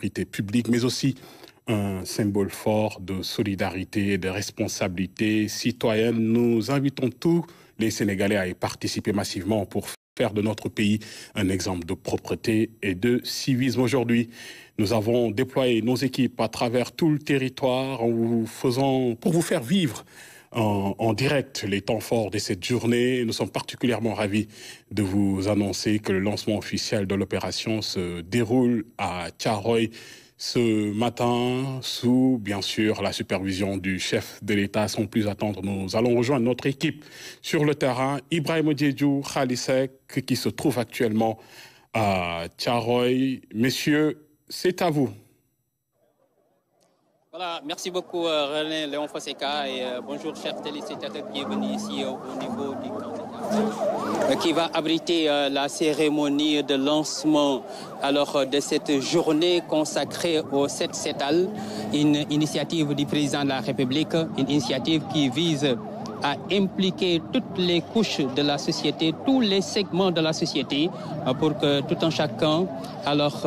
responsabilité publique, mais aussi un symbole fort de solidarité de responsabilité citoyenne. Nous invitons tous les Sénégalais à y participer massivement pour faire de notre pays un exemple de propreté et de civisme. Aujourd'hui, nous avons déployé nos équipes à travers tout le territoire en vous faisant, pour vous faire vivre en, en, direct les temps forts de cette journée. Nous sommes particulièrement ravis de vous annoncer que le lancement officiel de l'opération se déroule à Tiaroy ce matin, sous bien sûr la supervision du chef de l'État, sans plus attendre, nous allons rejoindre notre équipe sur le terrain, Ibrahim Odjedjou Khalisek, qui se trouve actuellement à Tcharoy. Messieurs, c'est à vous. Voilà, merci beaucoup euh, René Léon Fosseca et euh, bonjour chers téléspectateurs qui est venu ici euh, au niveau du candidat qui va abriter la cérémonie de lancement de cette journée consacrée au 7 Setal, une initiative du président de la République, une initiative qui vise à impliquer toutes les couches de la société, tous les segments de la société, pour que tout un chacun alors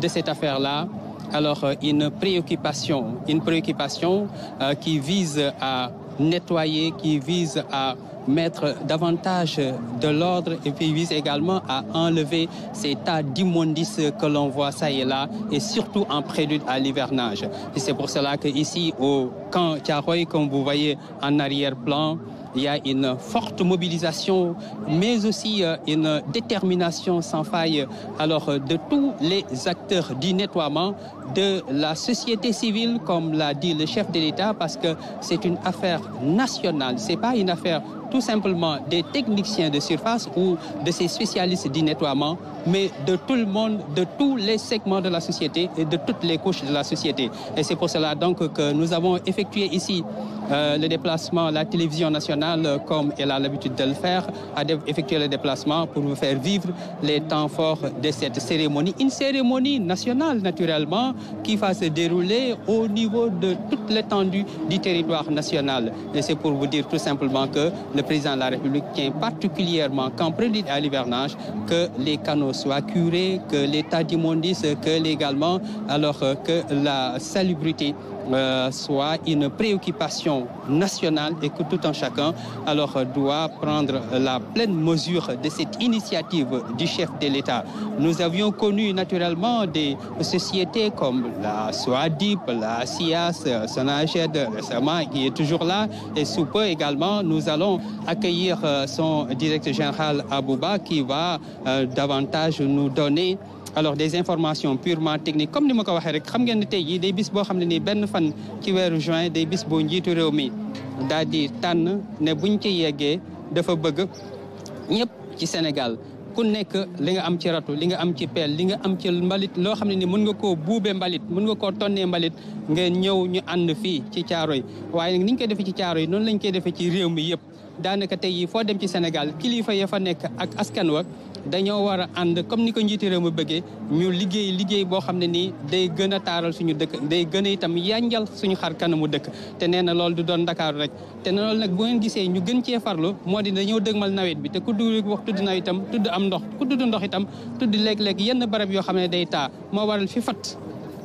de cette affaire-là Alors, euh, une préoccupation, une préoccupation euh, qui vise à nettoyer, qui vise à mettre davantage de l'ordre et puis vise également à enlever ces tas d'immondices que l'on voit ça et là et surtout en prélude à l'hivernage. Et c'est pour cela que ici au camp Tiaroy, comme vous voyez en arrière-plan, il y a une forte mobilisation, mais aussi euh, une détermination sans faille alors, euh, de tous les acteurs du nettoiement, de la société civile, comme l'a dit le chef de l'État, parce que c'est une affaire nationale, c'est pas une affaire tout simplement des techniciens de surface ou de ces spécialistes du nettoiement, mais de tout le monde, de tous les segments de la société et de toutes les couches de la société. Et c'est pour cela donc que nous avons effectué ici euh, le déplacement, la télévision nationale, euh, comme elle a l'habitude de le faire, a effectué le déplacement pour vous faire vivre les temps forts de cette cérémonie. Une cérémonie nationale, naturellement, qui va se dérouler au niveau de toute l'étendue du territoire national. Et c'est pour vous dire tout simplement que le le président de la République tient particulièrement qu'en prélude à l'hivernage, que les canaux soient curés, que l'état d'immondice, que légalement, alors euh, que la salubrité euh, soit une préoccupation nationale et que tout un chacun alors euh, doit prendre la pleine mesure de cette initiative du chef de l'État. Nous avions connu naturellement des sociétés comme la SOADIP, la SIAS, Sonaged récemment qui est toujours là et sous peu également nous allons accueillir euh, son directeur général Abouba qui va euh, davantage nous donner alors des informations purement technique comme ni ma ko waxee rek xam ngeen ne tey jii day bis boo xam ne nii benn fan ci weeru juin day bis boo njiitu réew mi daal di tànn ne buñ ci yeggee dafa bëgg ñëpp ci Sénégal ku nekk li nga am ci ratu li nga am ci pel li nga am ci mbalit loo xam ne ni mën nga koo buubee mbalit mën nga koo tonnee mbalit ngeen ñëw ñu ànd fii ci caaro yi waaye niñ koy defee ci caaro yi noonu lañ koy defee ci réew mi yëpp daanaka tey yi foo dem ci Sénégal kilifa ya fa nekk ak askan wa dañoo war a ànd comme ni ko njiiti réew mi bëggee ñu liggéey liggéey boo xam ne nii day gën a taaral suñu dëkk day gën a itam yanjal suñu xar kanamu dëkk te nee na loolu du doon Ndakaaru rek te ne loolu nag bu ngeen gisee ñu gën cee farlu moo di dañoo dëgmal nawet bi te ku dugg wax tudd nawet itam tudd am ndox ku tudd ndox itam tudd léeg-léeg yenn barab yoo xam ne day taa moo waral fi fatt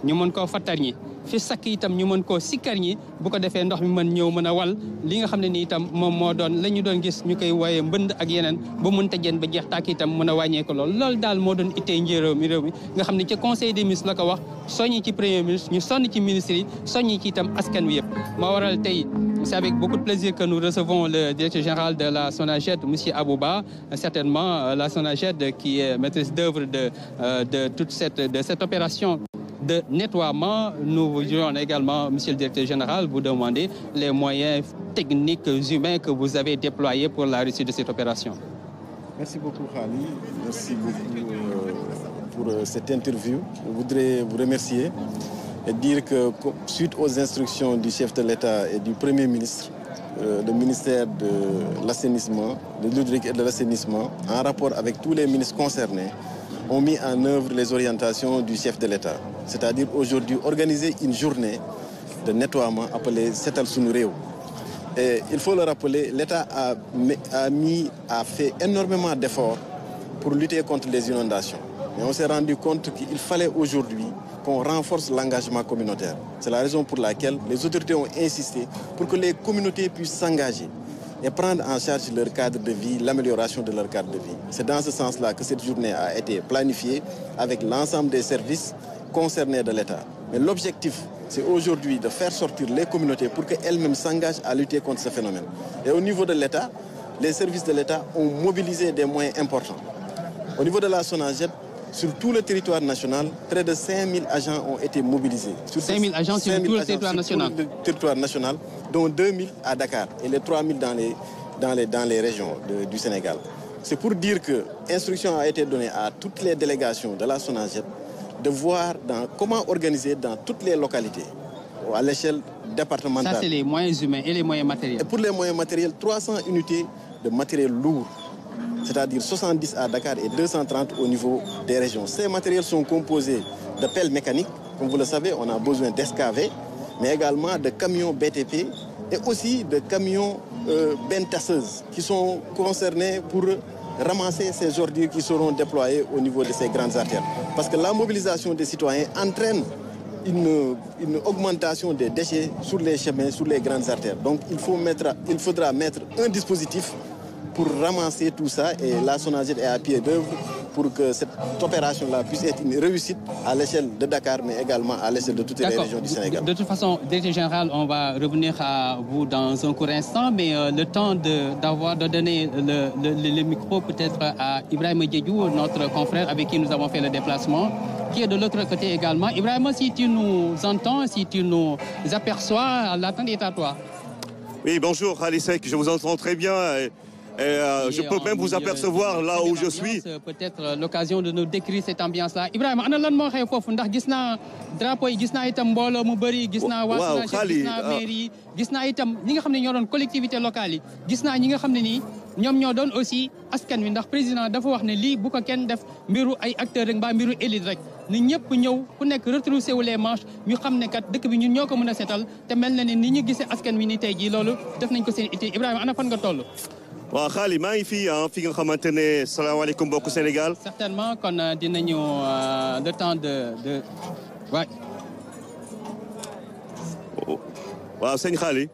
ñu mën koo fattar fi sakk itam ñu mën koo sikkar ñi bu ko defee ndox mi mën ñëw mën a wal li nga xam ne ni itam moom moo doon la ñu doon gis ñu koy wooyee mbënd ak yeneen ba mën ta jën ba jeex tàkk itam mën a wàññee lool loolu daal moo doon ittee njëréew mi réew mi nga xam ne ci conseil des ministres la ko wax soññi ci premier ministre ñu sonn ci ministre yi soññi ci itam askan wi yëpp moo waral tey c'est avec beaucoup de plaisir que nous recevons le directeur général de la SONAGED, M. Abouba, certainement euh, la SONAGED qui est maîtresse d'œuvre de, euh, de toute cette, de nettoiement. Nous voudrions également, Monsieur le Directeur Général, vous demander les moyens techniques humains que vous avez déployés pour la réussite de cette opération. Merci beaucoup, Khali. Merci beaucoup euh, pour euh, cette interview. Je voudrais vous remercier et dire que, suite aux instructions du chef de l'État et du Premier ministre, euh, le ministère de l'assainissement, de l'hydraulique et de l'assainissement, en rapport avec tous les ministres concernés, ont mis en œuvre les orientations du chef de l'État. C'est-à-dire aujourd'hui organiser une journée de nettoiement appelée Setal Sunu Réew. Et il faut le rappeler, l'État a, a mis, a fait énormément d'efforts pour lutter contre les inondations. Mais on s'est rendu compte qu'il fallait aujourd'hui qu'on renforce l'engagement communautaire. C'est la raison pour laquelle les autorités ont insisté pour que les communautés puissent s'engager et prendre en charge leur cadre de vie, l'amélioration de leur cadre de vie. C'est dans ce sens-là que cette journée a été planifiée avec l'ensemble des services concernés de l'État. Mais l'objectif, c'est aujourd'hui de faire sortir les communautés pour qu'elles-mêmes s'engagent à lutter contre ce phénomène. Et au niveau de l'État, les services de l'État ont mobilisé des moyens importants. Au niveau de la Sonagette, Sur tout le territoire national, près de 5000 agents ont été mobilisés. Sur 5000 agents 5 000 tout le territoire national sur tout le territoire national, dont 2000 à Dakar et les 3000 dans les, dans régions du Sénégal. C'est pour dire que instruction a été donnée à toutes les délégations de la SONAGED de voir dans, comment organiser dans toutes les localités à l'échelle départementale. Ça, c'est les moyens humains et les moyens matériels. Et pour les moyens matériels, 300 unités de matériels lourd c'est-à-dire 70 à Dakar et 230 au niveau des régions. Ces matériels sont composés de pelles mécaniques. Comme vous de camions BTP et aussi de camions euh, bentasseuses qui sont concernés pour ramasser ces ordures qui seront déployées au niveau de ces grandes artères. Parce que la mobilisation des citoyens entraîne une, une, augmentation des déchets sur les chemins, sur les grandes artères. Donc il, faut mettre, il faudra mettre un pour ramasser tout ça et la SONAGED est à pied d'œuvre pour que cette opération-là puisse être une réussite à l'échelle de Dakar, mais également à l'échelle de toutes les régions du Sénégal. De, de toute façon, directeur général, on va revenir à vous dans un court instant, mais euh, le temps d'avoir de, de, donner le, le, le micro peut-être à Ibrahim Diédiou, notre confrère avec qui nous avons fait le déplacement, qui est de l'autre côté également. Ibrahim, si tu nous entends, si tu nous aperçois, l'attente est à toi. Oui, bonjour, Alisek, je vous entends très bien. Et, euh, et je peux même vous apercevoir là où je suis. Euh, euh, l'occasion de nous décrire cette ambiance-là Ibrahima ana lan moo xew foofu ndax gis naa drapeau yi gis naa itam mbooloo mu bëri. gis naa waaw xaalis gis naa ah. mairie gis naa itam ñi nga xam ne ñoo doon collectivité locale yi gis naa ñi nga xam ne nii. ñoom ñoo doon aussi askan wi ndax président dafa wax ne lii bu ko kenn def mbiru ay acteur rek mbaa mbiru élite rek ni ñëpp ñëw ku nekk retrousser wu les manches ñu xam ne kat dëkk bi ñun ñoo ko mën a seetal te mel na ne ni ñu gisee askan wi ni tey jii loolu def nañ ko seen ittee Ibrahima ana fan nga toll. waaw xaali maa ngi fii ah fi nga xamante ne salaamaaleykum mbokku Sénégal. certainement kon euh, dinañu euh, le temps de de waay. waaw sëñ xaali.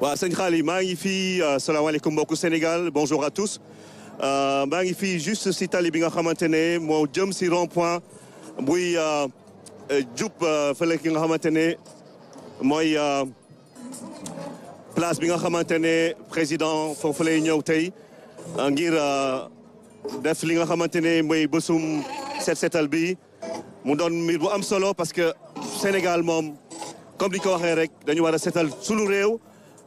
waaw sëñ xaali maa ngi fii euh, salaamaaleykum mbokku Sénégal bonjour à tous. maa ngi fii juste si tali bi nga xamante ne moo jëm si rond point buy jub fële ki nga xamante ne mooy. place bi nga xamante ne président foofu lay ñëw tey euh, ngir euh, def li nga xamante ne mooy bésum set setal bi mu doon mbir bu am solo parce que Sénégal moom comme ni ko waxee rek dañu war a setal sunu réew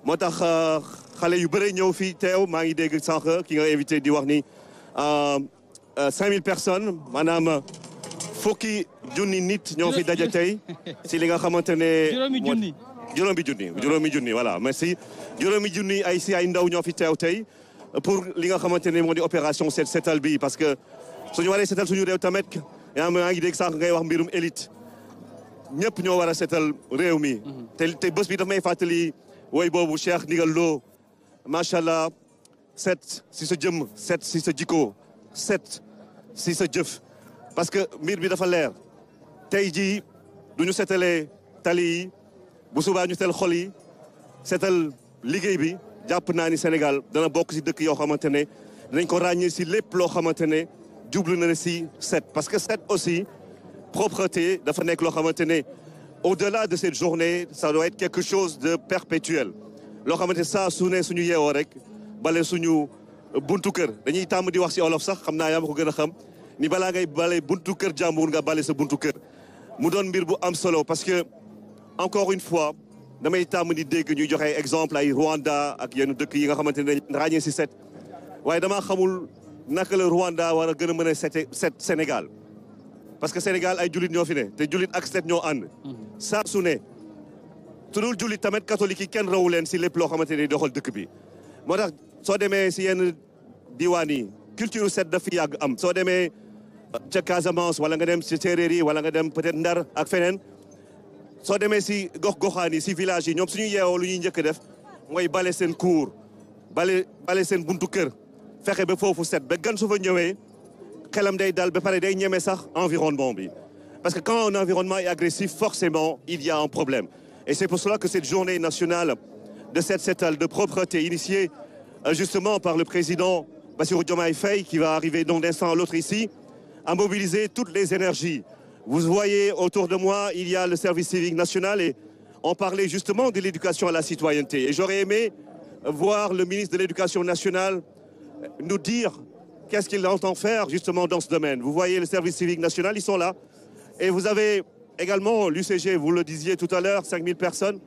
moo tax euh, xale yu bëre ñëw fii teew maa ngi dégg sànq ki nga invité di wax ni 5000 personnes maanaam fukki junni nit ñoo fi daja tey si li nga xamante ne. juróomi junni juróomi junni juróomi junni voilà merci juróomi junni ay si ay ndaw ñoo fi teew tey pour li nga xamante ne moo di opération set setal bi parce que suñu waree setal suñu réew tamit yaa maa ngi dégg sànq ngay wax mbirum élite ñëpp ñoo war a setal réew mi te bës bi daf may fàttali woy boobu Cheikh Ndigal Lo macha allah set si sa jëm set si sa jikko set si sa jëf parce que mbir bi dafa leer tey jii duñu setalee tali bu subaa ñu teel xol yi seetal liggéey bi jàpp naa ni Sénégal dana bokk ci dëkk yoo xamante ne dinañ ko ràññee si lépp loo xamante ne jublu na ne si set parce que set aussi propreté dafa nekk loo xamante ne au-delà de cette journée ça doit être quelque chose de perpétuel loo xamante ne saa su ne suñu yeewoo rek bale suñu buntu kër dañuy tàmm di wax ci olof sax xam naa yaa ma ko gën a xam ni balaa ngay bale buntu kër jàmbur nga bale sa buntu kër mu doon encore une fois damay tàmm di dégg ñuy joxe exemple ay Rwanda ak yenn dëkk yi nga xamante ne ràññee si set waaye damaa xamul naka la Rwanda war a gën a mën a set Sénégal parce que Sénégal ay jullit ñoo fi ne te jullit ak set ñoo ànd saa su ne tudul jullit tamit catholique yi kenn rawu leen si lépp loo xamante ne doxal dëkk bi moo tax soo demee si yenn diwaan yi culture set daf yàgg am soo demee Casamance wala nga dem si séeréer yi wala nga dem peut-être Ndar ak feneen soo demee si gox-goxaan yi si village yi ñoom suñu yeewoo lu ñuy njëkk def mooy bale seen cour bale bale seen buntu kër fexe ba foofu set ba gan su fa ñëwee xelam day dal ba pare day ñeme sax environnement bi parce que quand un environnement est agressif forcément il y a un problème et c'est pour cela que cette journée nationale de set setal de propreté initiée euh, justement par le président Bassirou Diomaye Faye qui va arriver d'un instant à l'autre ici a mobilisé toutes les énergies Vous voyez autour de moi, il y a le service civique national et on parlait justement de l'éducation à la citoyenneté. Et j'aurais aimé voir le ministre de l'Éducation nationale nous dire qu'est-ce qu'il entend faire justement dans ce domaine. Vous voyez le service civique national, ils sont là. Et vous avez également l'UCG, vous le disiez tout à l'heure, 5000 personnes.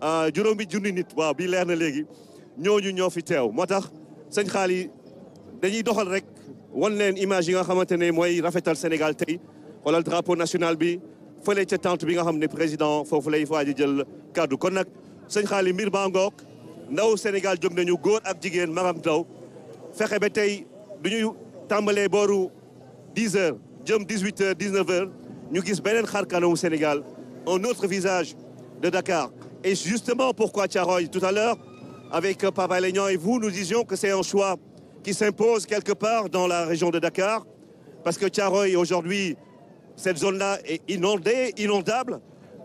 Ah, juróomi junni nit waaw bii leer na léegi ñooñu ñoo fi teew moo tax sëñ Xaali dañuy doxal rek wan leen image yi nga xamante ne mooy rafetal Sénégal xoolal drapeau national bi fële ca tente bi nga xam ne président foofu lay waaj a jël kàddu kon nag sëñ xaali mbir maa ndaw Sénégal jóg nañu góor ak jigéen magam taw fexe ba tey du ñuy tàmbalee booru 10 heures jëm 18 heures 19 heures ñu gis beneen xar kanamu Sénégal un autre visage de Dakar et justement pourquoi Thiaroye tout à avec euh, Pape Alé Niang et vous nous disions que c'est un choix qui s'impose quelque part la région de Dakar parce que Thiaroye aujourd'hui Cette zone-là est inondée, inondable.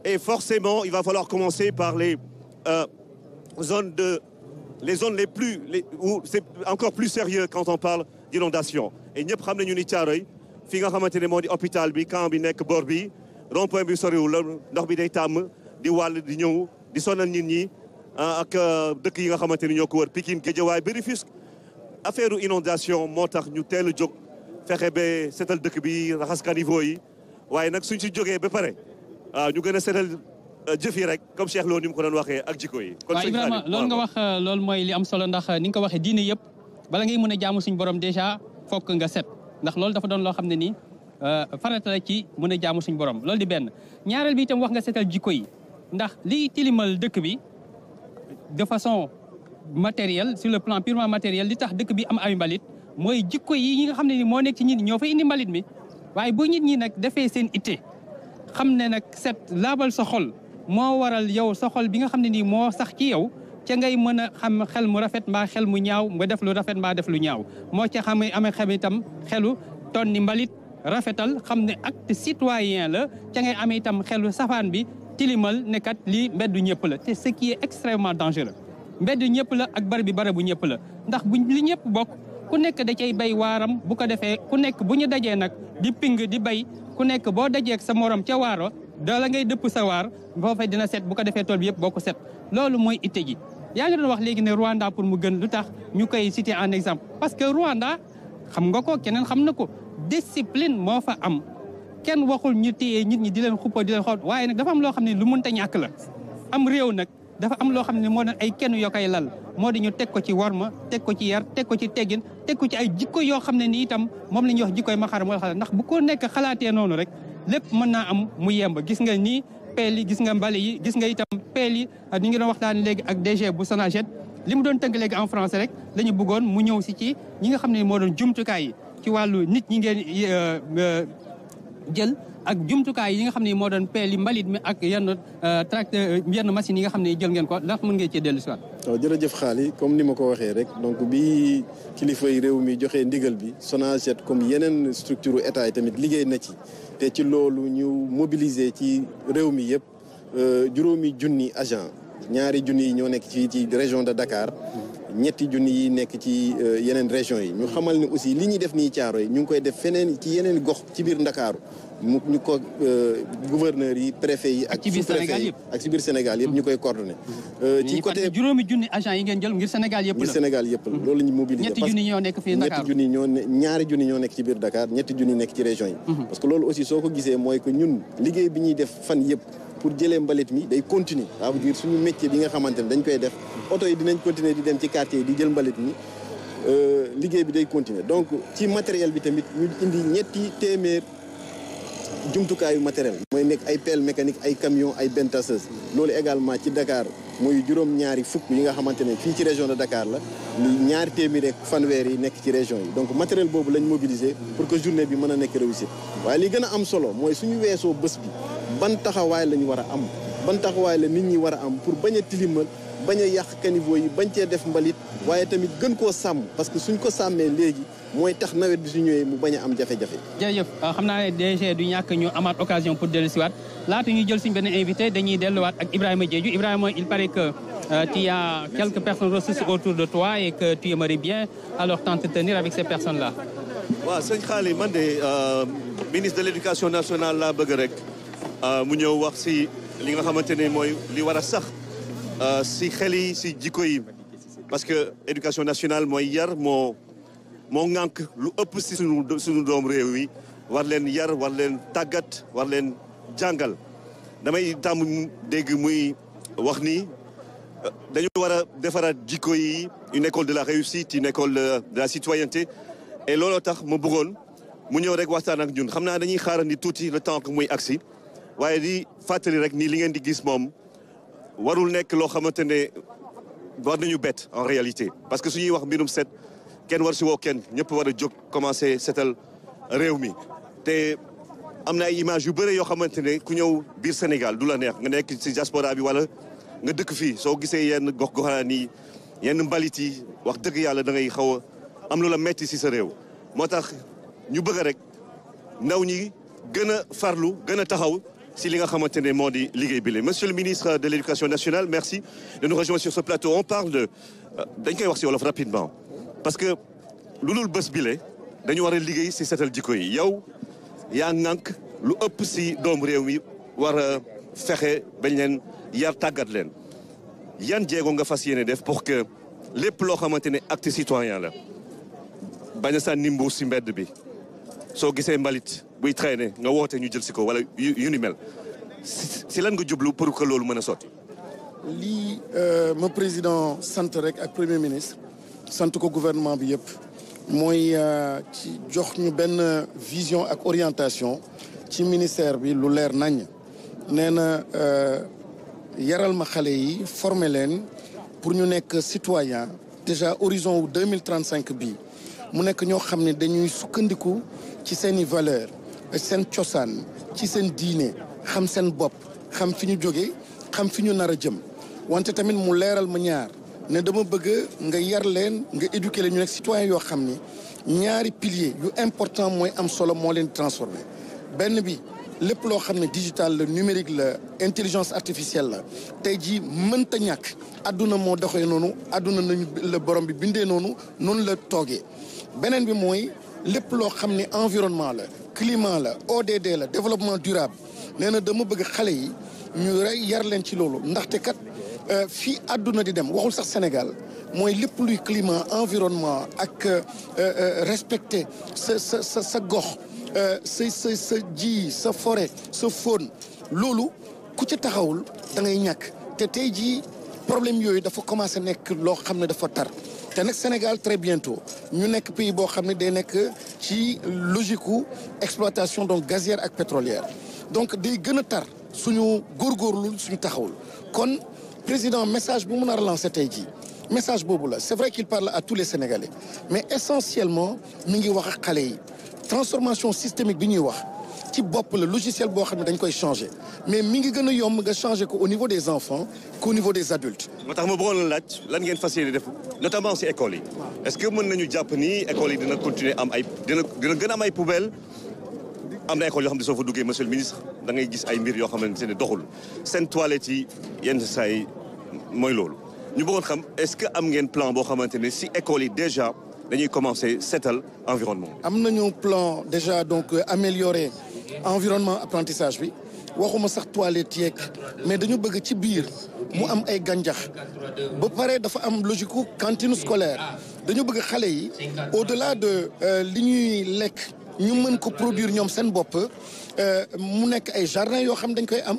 Et forcément, il va falloir commencer par les euh, zones de les zones les plus les, où c'est encore plus sérieux quand on parle d'inondation et ñëpp xam nañu ni Thiaroye fi nga xamante ne moo di hôpital bi camp bi nekk bor bi rond-point bi soriwul ndox bi day tàmm di wàll di ñëw di sonal nit ñi ah, ak euh, dëkk yi nga xamante ni ñoo ko wër Pikine Guédiawaye ba Rufisque affaire inondation moo tax ñu teel a jóg fexe ba setal dëkk bi raxas caniveau yi waaye nag suñ ci jógee ba pare waaw ñu gën a seetal euh, jëf rek comme Cheikh Lo ni mu ko doon waxee ak jikko yi. kon Ibrahima loolu nga wax euh, loolu mooy li am solo ndax euh, ni nga ko waxee diine yëpp bala ngay mën a jaamu suñu borom dèjà fokk nga set ndax loolu dafa doon loo xam ne nii farata ci mën a jaamu suñ borom loolu di benn. ñaareel bi tam wax nga seetal jikko yi ndax liy tilimal dëkk bi de façon matérielle sur le plan purement matériel li tax dëkk bi am ay mbalit mooy jikko yi ñi nga xam ne moo nekk ci ñi ñoo fay indi mi. waaye bu nit ñi nag defee seen ite xam ne nag set laabal sa xol moo waral yow sa xol bi nga xam ne nii moo sax ci yow ca ngay mën a xam xel mu rafet mbaa xel mu ñaaw nga def lu rafet mbaa def lu ñaaw moo ca xamee amee xam itam xelu ni mbalit rafetal xam ne ak acte citoyen la ca ngay amee itam xelu safaan bi tilimal nekkat kat lii mbeddu ñëpp la te ce qui est extrêmement dangereux mbeddu ñëpp la ak bari bi bu ñëpp la ndax bu li ñëpp bokk ku nekk da cay bay waaram bu ko defee ku nekk bu ñu dajee nag di ping di bay ku nekk boo dajee ak sa morom ca waaro da ngay dëpp sa waar foofa dina set bu ko defee tool bi yëpp boo ko set loolu mooy itte ji yaa ngi doon wax léegi ne Rwanda pour mu gën lu tax ñu koy citer en exemple parce que Rwanda xam nga ko keneen xam na ko discipline moo fa am kenn waxul ñu téye nit ñi di leen xuppa di leen xool waaye nag dafa am loo xam ne lu mënta ñàkk la am réew nag dafa am loo xam ne moo doon ay kenn yoo koy lal moo di ñu teg ko ci war ma teg ko ci yar teg ko ci teggin teg ko ci ay jikko yoo xam ne ni itam moom la ñuy wax jikkoy maxaram wala xalaat ndax bu ko nekk xalaatee noonu rek lépp mën naa am mu yemb gis nga nii peel yi gis nga mbale yi gis nga itam peel yi ni ah, ngi doon waxtaan léegi ak DG bu SONAGED li mu doon tënk léegi en français rek la ñu bëggoon mu ñëw si ci ñi nga xam ne moo doon jumtukaay yi ci wàllu nit ñi ngeen euh, euh, jël ak jumtukaay yi nga xam ne moo doon peeli mbalit mi ak yenn euh, tracteur yenn machines yi nga xam ne jël ngeen ko ndax mën ngeen ci dellu si waat waaw jërëjëf xaali comme ni ma ko waxee rek donc bi kilifa yi réew mi joxee ndigal bi Sonaged comme yeneen structure état yi tamit liggéey na ci te ci loolu ñu mobiliser ci réew mi yëpp euh, juróomi junni agent ñaari junni yi ñoo nekk ci ci région de dakaar ñetti junni yi nekk ci euh, yeneen région yi ñu xamal ne aussi li ñuy def nii caaro yi ñu ngi koy def feneen ci yeneen gox ci biir Ndakaaru mu ñu ko euh, gouverneur yi préfet yi. ak ci biir Sénégal yëpp ak ci biir Sénégal yëpp ñu koy coordonné. Euh, ci côté juróomi junni agent yi ngeen jël ngir Sénégal yëpp la. yëpp la loolu ñetti junni ñoo nekk fii Dakar ñetti ñoo ne ñaari junni ñoo nekk ci biir Dakar ñetti junni nekk ci région yi. parce que loolu aussi soo ko gisee mooy que ñun liggéey bi ñuy def fan yëpp. pour jëlee mbalit mi day continuer ça veut suñu métier bi nga xamante ne dañ koy def oto yi dinañ continuer di dem ci quartier yi di jël mbalit mi euh, liggéey bi day continuer donc ci matériel bi tamit indi ñetti téeméer jumtukaayu matériel mooy nekk ay pelle mécanique ay camion ay benne tasseuse loolu également ci Dakar mooy juróom-ñaari fukk yi nga xamante ne fii ci région de Dakar la lu ñaari téeméer fanweer yi nekk ci région yi donc matériel boobu lañ mobiliser pour que journée bi mën a nekk réussite waaye li gën am solo mooy suñu weesoo bës bi ban taxawaay la ñu war a am ban taxawaay la nit ñi war a am pour bañ a tilimal bañ a yàq caniveau yi bañ cee def mbalit waaye tamit gën koo sàmm parce que suñ ko sàmmee léegi mooy tax nawet bi su ñëwee mu bañ a am jafe-jafe. jërëjëf ah, xam naa ne DG du ñàkk ñu amaat occasion pour dellusiwaat laata ñuy jël suñu benn invité dañuy delluwaat ak Ibrahima Diédhiou Ibrahima il paraît que euh, tu y a quelques personnes ressources autour de toi et que tu aimerais bien alors t'entretenir avec ces personnes là. waaw sëñ Xaali man de euh, ministre de l' éducation nationale laa bëgg rek euh, mu ñëw wax si li nga xamante ne mooy li war sax si xel si jikko yi parce que éducation nationale mooy yar moo. moo ŋànk lu ëpp si sunu suñu doom réew yi war leen yar war leen tàggat war leen jàngal damay tàmm dégg muy wax ni dañu war a defaraat jikko yi une école de la réussite une école de la citoyenneté et looloo tax ma bëggoon mu ñëw rek waxtaan ak ñun xam naa dañuy xaarandi tuuti le temps que muy agsi waaye di fàttali rek ni li ngeen di gis moom warul nekk loo xamante ne war nañu bett en réalité parce que su ñuy wax mbirum set kenn war si woo kenn ñëpp war a jóg commencé setal réew mi te am na ay image yu bëre yoo xamante ne ku ñëw biir Sénégal du la neex nga nekk si diaspora bi wala nga dëkk fii soo gisee yenn gox-goxaan yi yenn mbalit yi wax dëgg yàlla da ngay xaw am lu la metti si sa réew moo tax ñu bëgg rek ndaw ñi gën a farlu gën a taxaw si li nga xamante ne moo di liggéey bi la monsieur le ministre de l'éducation nationale merci de nous rejoindre sur ce plateau on parle euh, dañ koy wax si wolof parce que lu dul bés bile dañu war a liggéey si setal jiko yi yow yaa ŋànk lu ëpp si doomu réew mi war a fexe bañ leen yar tàggat leen yan jéego nga fas yéene def pour que lépp loo xamante ne acte citoyen la bañ a sànni si mbedd bi soo gisee mbalit buy traîner nga woote ñu jël si ko wala yu ni mel si lan nga jublu pour que loolu mën a sotti lii euh, ma président sant rek ak premier ministre sant ko gouvernement bi yëpp mooy euh, ci jox ñu benn vision ak orientation ci ministère bi lu leer nañ nee na euh, yaral ma xale yi former leen pour ñu nekk citoyen déjà orison wu 2035 bii mu nekk ñoo xam ne dañuy sukkandiku ci seen i valeur seen cosaan ci seen diine xam seen bopp xam fi ñu jóge xam fi ñu nar a jëm wante tamit mu leeral ma ñaar ne dama bëgg nga yar leen nga éduquer leen ñu nekk citoyen yoo xam ni ñaari pilier yu important mooy am solo moo leen transformé benn bi lépp loo xam ne digital la numérique la intelligence artificielle la tey jii mënta ñàkk àdduna moo doxee noonu àdduna nañu la borom bi bindee noonu noonu la toogee beneen bi mooy lépp loo xam ne environnement la climat la ODD la développement durable nee na dama bëgg xale yi ñu rey yar leen ci loolu ndaxte kat Euh, fii adduna di dem waxul sax Sénégal mooy lépp luy climat environnement ak euh, euh, respecter sa sa sa sa gox sa sa sa ji sa forêt sa faune loolu ku ci taxawul da ngay ñàkk te tey jii problème yooyu dafa commencé nekk loo xam ne dafa tar te nag Sénégal très bientôt ñu nekk pays boo xam ne day nekk ci logique u exploitation donc gazière ak pétrolière donc day gën a tar suñu góorgóorlu suñu taxawul président message bu mu nar a lancé tey jii message boobu la c'est vrai qu'il parle à tous les Sénégalais mais essentiellement mi ngi wax xale yi transformation systémique bi ñuy wax ci bopp la logiciel boo xam ne dañ koy changer mais mi ngi gën a yomb nga changer ko au niveau des enfants qu'au niveau des adultes. moo tax ma bëggoon laaj ngeen fas yéene def notamment si école yi. est-ce que mën nañu jàpp ni école yi dina continuer am ay dina gën a am ay am na école yoo xam ne duggee monsieur le ministre da gis ay mbir yoo xamante ne doxul seen toilette yi yenn saa yi mooy loolu. ñu bëggoon xam est-ce que am ngeen plan boo xamante ne si école yi déjà dañuy commencer seetal environnement. am nañu plan déjà donc euh, améliorer environnement apprentissage bi waxuma sax toilette yeeg mais dañu bëgg ci biir mu am ay gàncax ba pare dafa am logique cantine scolaire dañu bëgg xale yi au-delà de euh, li ñuy lekk. ñu mën ko produire ñoom seen bopp euh, mu nekk ay jardin yoo xam dañ koy am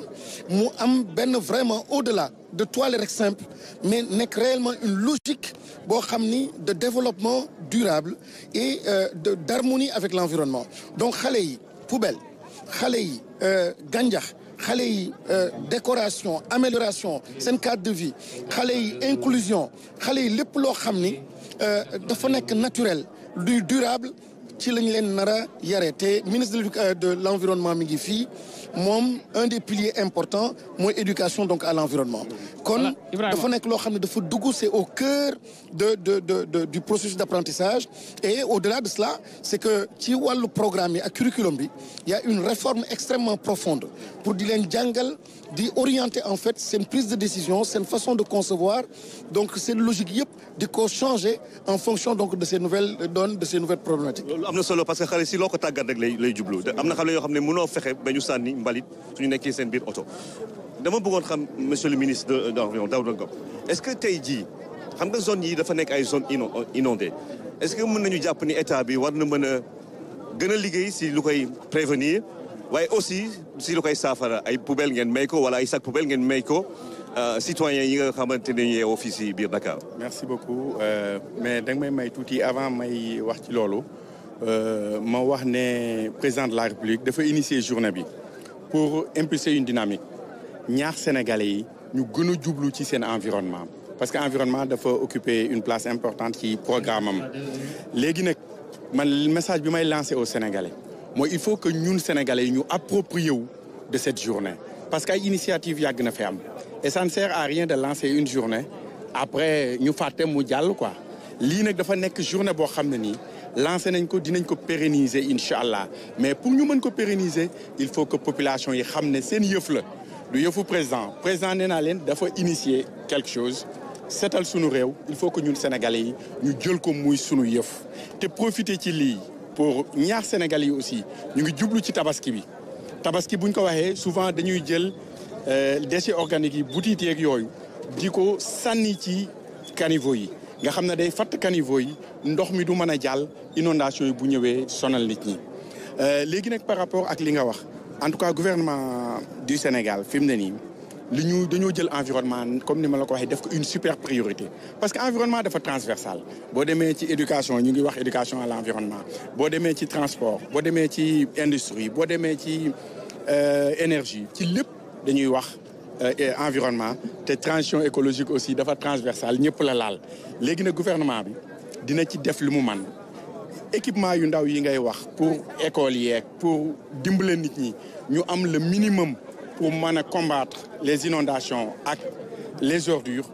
mu am benn vraiment au-delà de toile rek simple mais nekk réellement une logique boo xam ni de développement durable et euh, de d'harmonie avec l'environnement donc xale yi poubelle xale yi euh, gànjax xale yi décoration amélioration seen cadre de vie xale yi inclusion xale yi lépp loo xam ni dafa nekk naturel du durable ci lañ leen nar a yare te ministre euh, de l'environnement mi ngi fii moom un des piliers importants mooy éducation donc à l'environnement kon dafa nekk loo xam ne dafa dugg c'est au cœur de de de de du processus d'apprentissage et au-delà de cela c'est que ci wàllu programme yi ak curriculum bi y a une réforme extrêmement profonde pour di leen jàngal di orienter en fait seen prise de décision seen façon de concevoir donc seen logique yëpp di ko changer en fonction donc de ces nouvelles donnes de ces nouvelles problématiques. na solo parce que si loo ko tàggat yoo xam ne mënoo fexe ba ñu sànni mbalit suñu nekkee seen biir oto dama bëggoon xam monsieur le ministre de de l'environnement Daouda Ngom est-ce que tey jii xam nga zone yi dafa nekk ay zone inondée est-ce que mën nañu jàpp ni état bi war na mën a gën a liggéey si lu koy prévenir waaye aussi si lu koy saafara ay poubelle ngeen may ko wala ay sac poubelle ngeen may ko euh, citoyens yi nga xamante ne yeewoo fii si biir Dakar. merci beaucoup euh, mais danga may may tuuti avant may wax ci loolu euh, ma wax ne président de la République dafa initier journée bi. pour impulser une dynamique ñaax sénégalais yi ñu gën a jublu ci seen environnement parce que environnement dafa occuper une place importante ci programme am léegi nag man message bi may lancer au sénégalais mooy il faut que ñun sénégalais yi ñu approprier wu de cette journée parce que ay initiative yàgg na fi am et ça à rien de lancer une journée après ñu fàtte mu jàll quoi lii nag dafa nekk journée boo xam ne nii lancé nañ ko dinañ ko pérenniser incha allah mais pour ñu mën ko pérenniser il faut que population yi xam ne seen yëf la lu yëfu président président nee naa leen dafa initier quelque chose seetal sunu réew il faut que ñun sénégalais yi ñu jël ko muy sunu yëf te profiter ci lii pour ñaar sénégal yi aussi ñu ngi jublu ci tabaski bi tabaski buñ ko waxee souvent dañuy jël euh, déchets organiques yi boutique yeeg yooyu di ko sànni ci caniveau yi nga xam ne day fatt caniveau yi ndox mi du mën a jàll inondation yi bu ñëwee sonal nit ñi euh, léegi nag par rapport ak li nga wax en tout cas gouvernement du Sénégal fi mu ne nii li ñu dañoo jël environnement comme ni ma la ko waxee def ko une super priorité parce que environnement dafa transversal boo demee ci éducation ñu ngi wax éducation à l'environnement boo demee ci transport boo demee ci industrie boo demee ci euh, énergie ci lépp dañuy wax Euh, et environnement te transition écologique aussi dafa transversale ñëpp la laal léegi nag gouvernement bi dina ci def lu mu man équipement yu ndaw yi ngay wax pour école yeeg pour dimbale nit ñi ñu am le minimum pour mën a combattre les inondations ak les ordures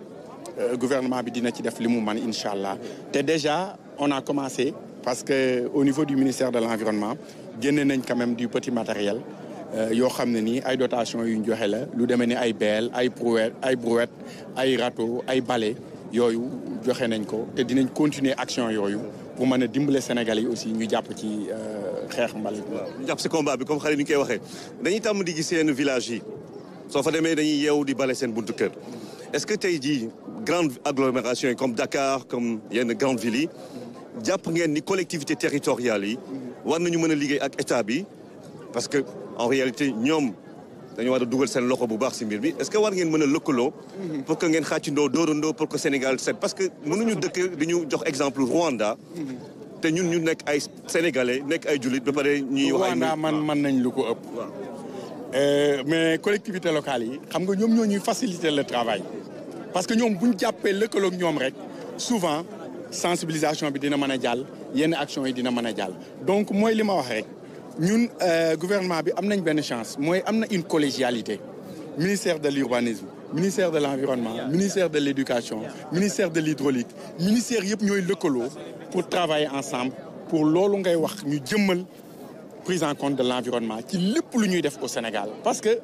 euh, bi dina ci def li mu man incha allah te déjà on a commencé parce que au niveau du ministère de l'environnement génne nañ quand même du petit matériel Euh, yoo xam ne nii ay dotation yu ñu joxe la lu demee ni ay beel ay brouette ay brouette ay râteau ay bale yooyu joxe nañ ko te dinañ continuer action yooyu pour mën a dimbale Sénégal yi aussi ñu jàpp ci euh, xeex mbalit ñu jàpp si combat bi comme xale ni ñu koy waxee dañuy tàmm di gis seen village yi soo fa demee dañuy yeewu di bale seen buntu kër est-ce que tey jii grande agglomération yi comme Dakar comme yenn grande ville yi jàpp ngeen ni collectivité territoriale yi war nañu mën a liggéey ak état bi parce que en réalité ñoom dañu war a dugal seen loxo bu baax si mbir bi est ce que war ngeen mën a lëkkaloo. Mhm. pour que ngeen xàccindoo dóorandoo pour que Sénégal set parce que mënuñu dëkk di ñu jox exemple Rwanda. Mhm. te ñun ñu nekk ay sénégalais nekk ay jullit ba pare ñuy. wax Rwanda man mën nañ lu ko ëpp. Euh, mais collectivités locales yi. xam nga ñoom ñoo ñuy faciliter le travail. parce que ñoom bu ñu jàppee lëkkaloog ñoom rek souvent sensibilisation bi dina mën a jàll yenn action yi dina mën a jàll donc mooy li ma wax ñun euh, gouvernement bi am nañ benn chance mooy am na une collégialité ministère de l'urbanisme ministère de l'environnement ministère de l'éducation ministère de l'hydraulique ministère yëpp ñooy lëkkaloo pour travailler ensemble pour loolu ngay wax ñu jëmmal prise en compte de l'environnement ci lépp lu ñuy def au Sénégal parce que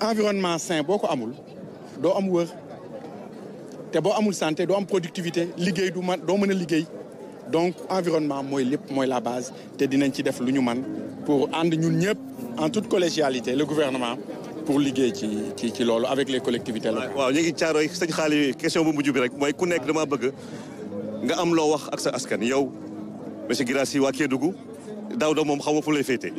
environnement sain boo ko amul doo am wër te boo amul santé doo am productivité liggéey du man doo mën a liggéey donc environnement mooy lépp mooy la base te dinañ ci def lu ñu man pour ànd ñun ñëpp en tout collégialité le gouvernement pour liggéey ci ci ci loolu avec les collectivités locales. waaw ñu ngi caaro yi sëñ xaali question bu mujj bi rek mooy ku nekk dama bëgg nga am loo wax ak sa askan yow monsieur Guirassy waa Kédougou Daouda moom xam ma fu lay féete.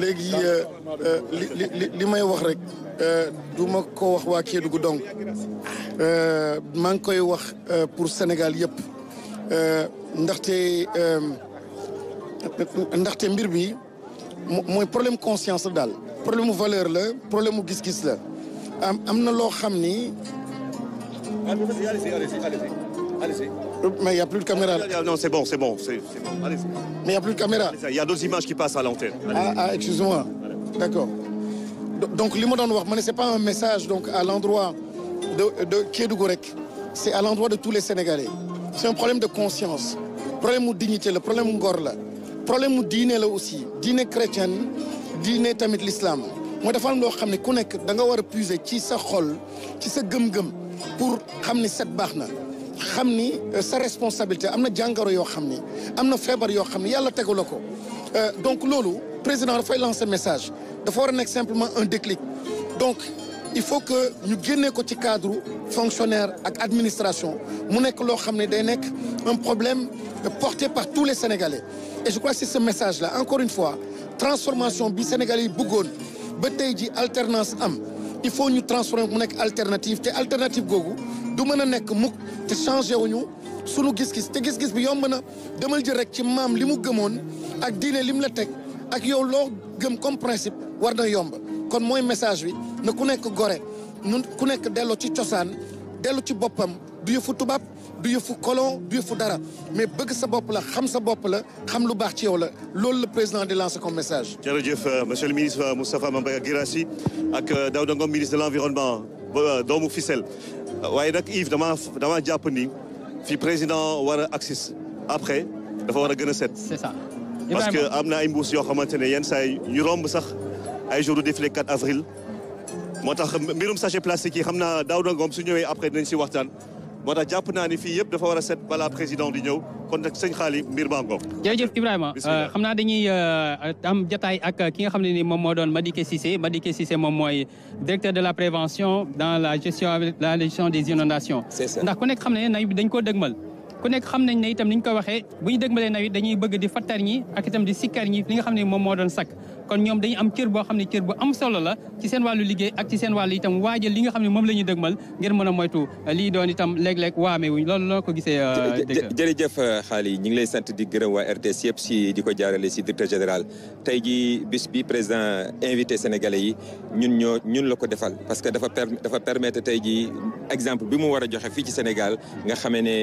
léegi euh, euh, li li li may wax rek euh, du ma ko wax waa Kédougou donc maa ngi koy wax pour Sénégal yëpp. Euh, ndaxte euh, ndaxte mbir bi mooy problème conscience la daal problème mu valeur la problème mu gis-gis la am am na loo xam ni. mais y' a plus de caméra là. Ah, non c'est bon c'est bon c'est bon allez-y. mais y' a plus de caméra. y' a d'autres images qui passent à l'antenne. ah ah excuse-moi d'accord donc li ma doon wax ma ne c'est pas un message donc à l'endroit de de Kédougou rek c'est à l'endroit de tous les Sénégalais. c'est problème de conscience problème mu dignité la problème mu ngor la problème mu diine la aussi diine chrétienne diine tamit lislaam moo dafa loo xam ne ku nekk danga war a puiser ci sa xol ci sa gëm-gëm pour xam ni set baax na xam ni euh, sa responsabilité am na jàngoro yoo xam ni am na feebar yoo xam ni yàlla tegu la ko euh, donc loolu président dafay lancer message dafa war a nekk simplement un déclic donc il faut que ñu génnee ko ci cadre fonctionnaire ak administration mu nekk loo xam ne day nekk un problème porté par tous les Sénégalais et je crois que c'est ce message la encore une fois transformation bi Sénégalais yi bëggoon ba tey ji alternance am il faut ñu transformer mu nekk alternative te alternative googu du mën a nekk mukk te changé wuñu sunu gis-gis te gis-gis bi yomb na demal jël rek ci maam li mu gëmoon ak diine li mu la teg ak yow loo gëm comme war na yomb kon mooy message bi na ku nekk gore nun ku nekk dellu ci cosaan dellu ci boppam du fu tubaab du fu colon du fu dara mais bëgg sa bopp la xam sa bopp la xam lu baax ci yow la loolu le président di lancer comme message. jërëjëf euh, monsieur le ministre euh, Moustapha Mambaya ak euh, Daouda Ngom ministre de l' environnement doomu Fissel waaye nag Yves dama dama jàpp ni fi président war a agsi après dafa war a gën a set. c'est ça parce que am na ay mbuus yoo xamante ne yenn saa yi ñu romb sax. ay jour du défilé avril mbirum sachet plastique yi xam naa daaw na ngoom su ñëwee après dinañ si waxtaan moo tax jàpp naa ni fii yëpp dafa war a set balaa président di ñëw kon nag sëñ xaali mbir baa ngoom jërëjëf Ibrahima euh, xam naa dañuy euh, am jataay ak ki nga xam ne ni moom moo doon Madické Cissé mooy directeur de la prévention dans la gestion des inondations ndax ku nekk xam ne nawet bi dañ koo dëgmal ku nekk xam nañ ne itam ni ñu ko waxee bu ñu dëgmalee nawet kon ñoom dañu am cër boo xam ne cër bu am solo la ci seen wàllu liggéey ak ci seen wàllu itam waajal li nga xam ne moom la ñuy dëgmal ngir mën a moytu lii doon itam léeg-léeg waame wuñ loolu loo ko gisee euh, jërëjëf euh, xaali ñi ngi lay sant di gërëm waa RTS yëpp si di ko jaarale si directeur général tey ji bis bi président invité sénégalais yi ñun ñoo ñun la ko defal parce que dafa dafa permettre tey ji exemple bi mu war a joxe fii ci Sénégal nga xamee ne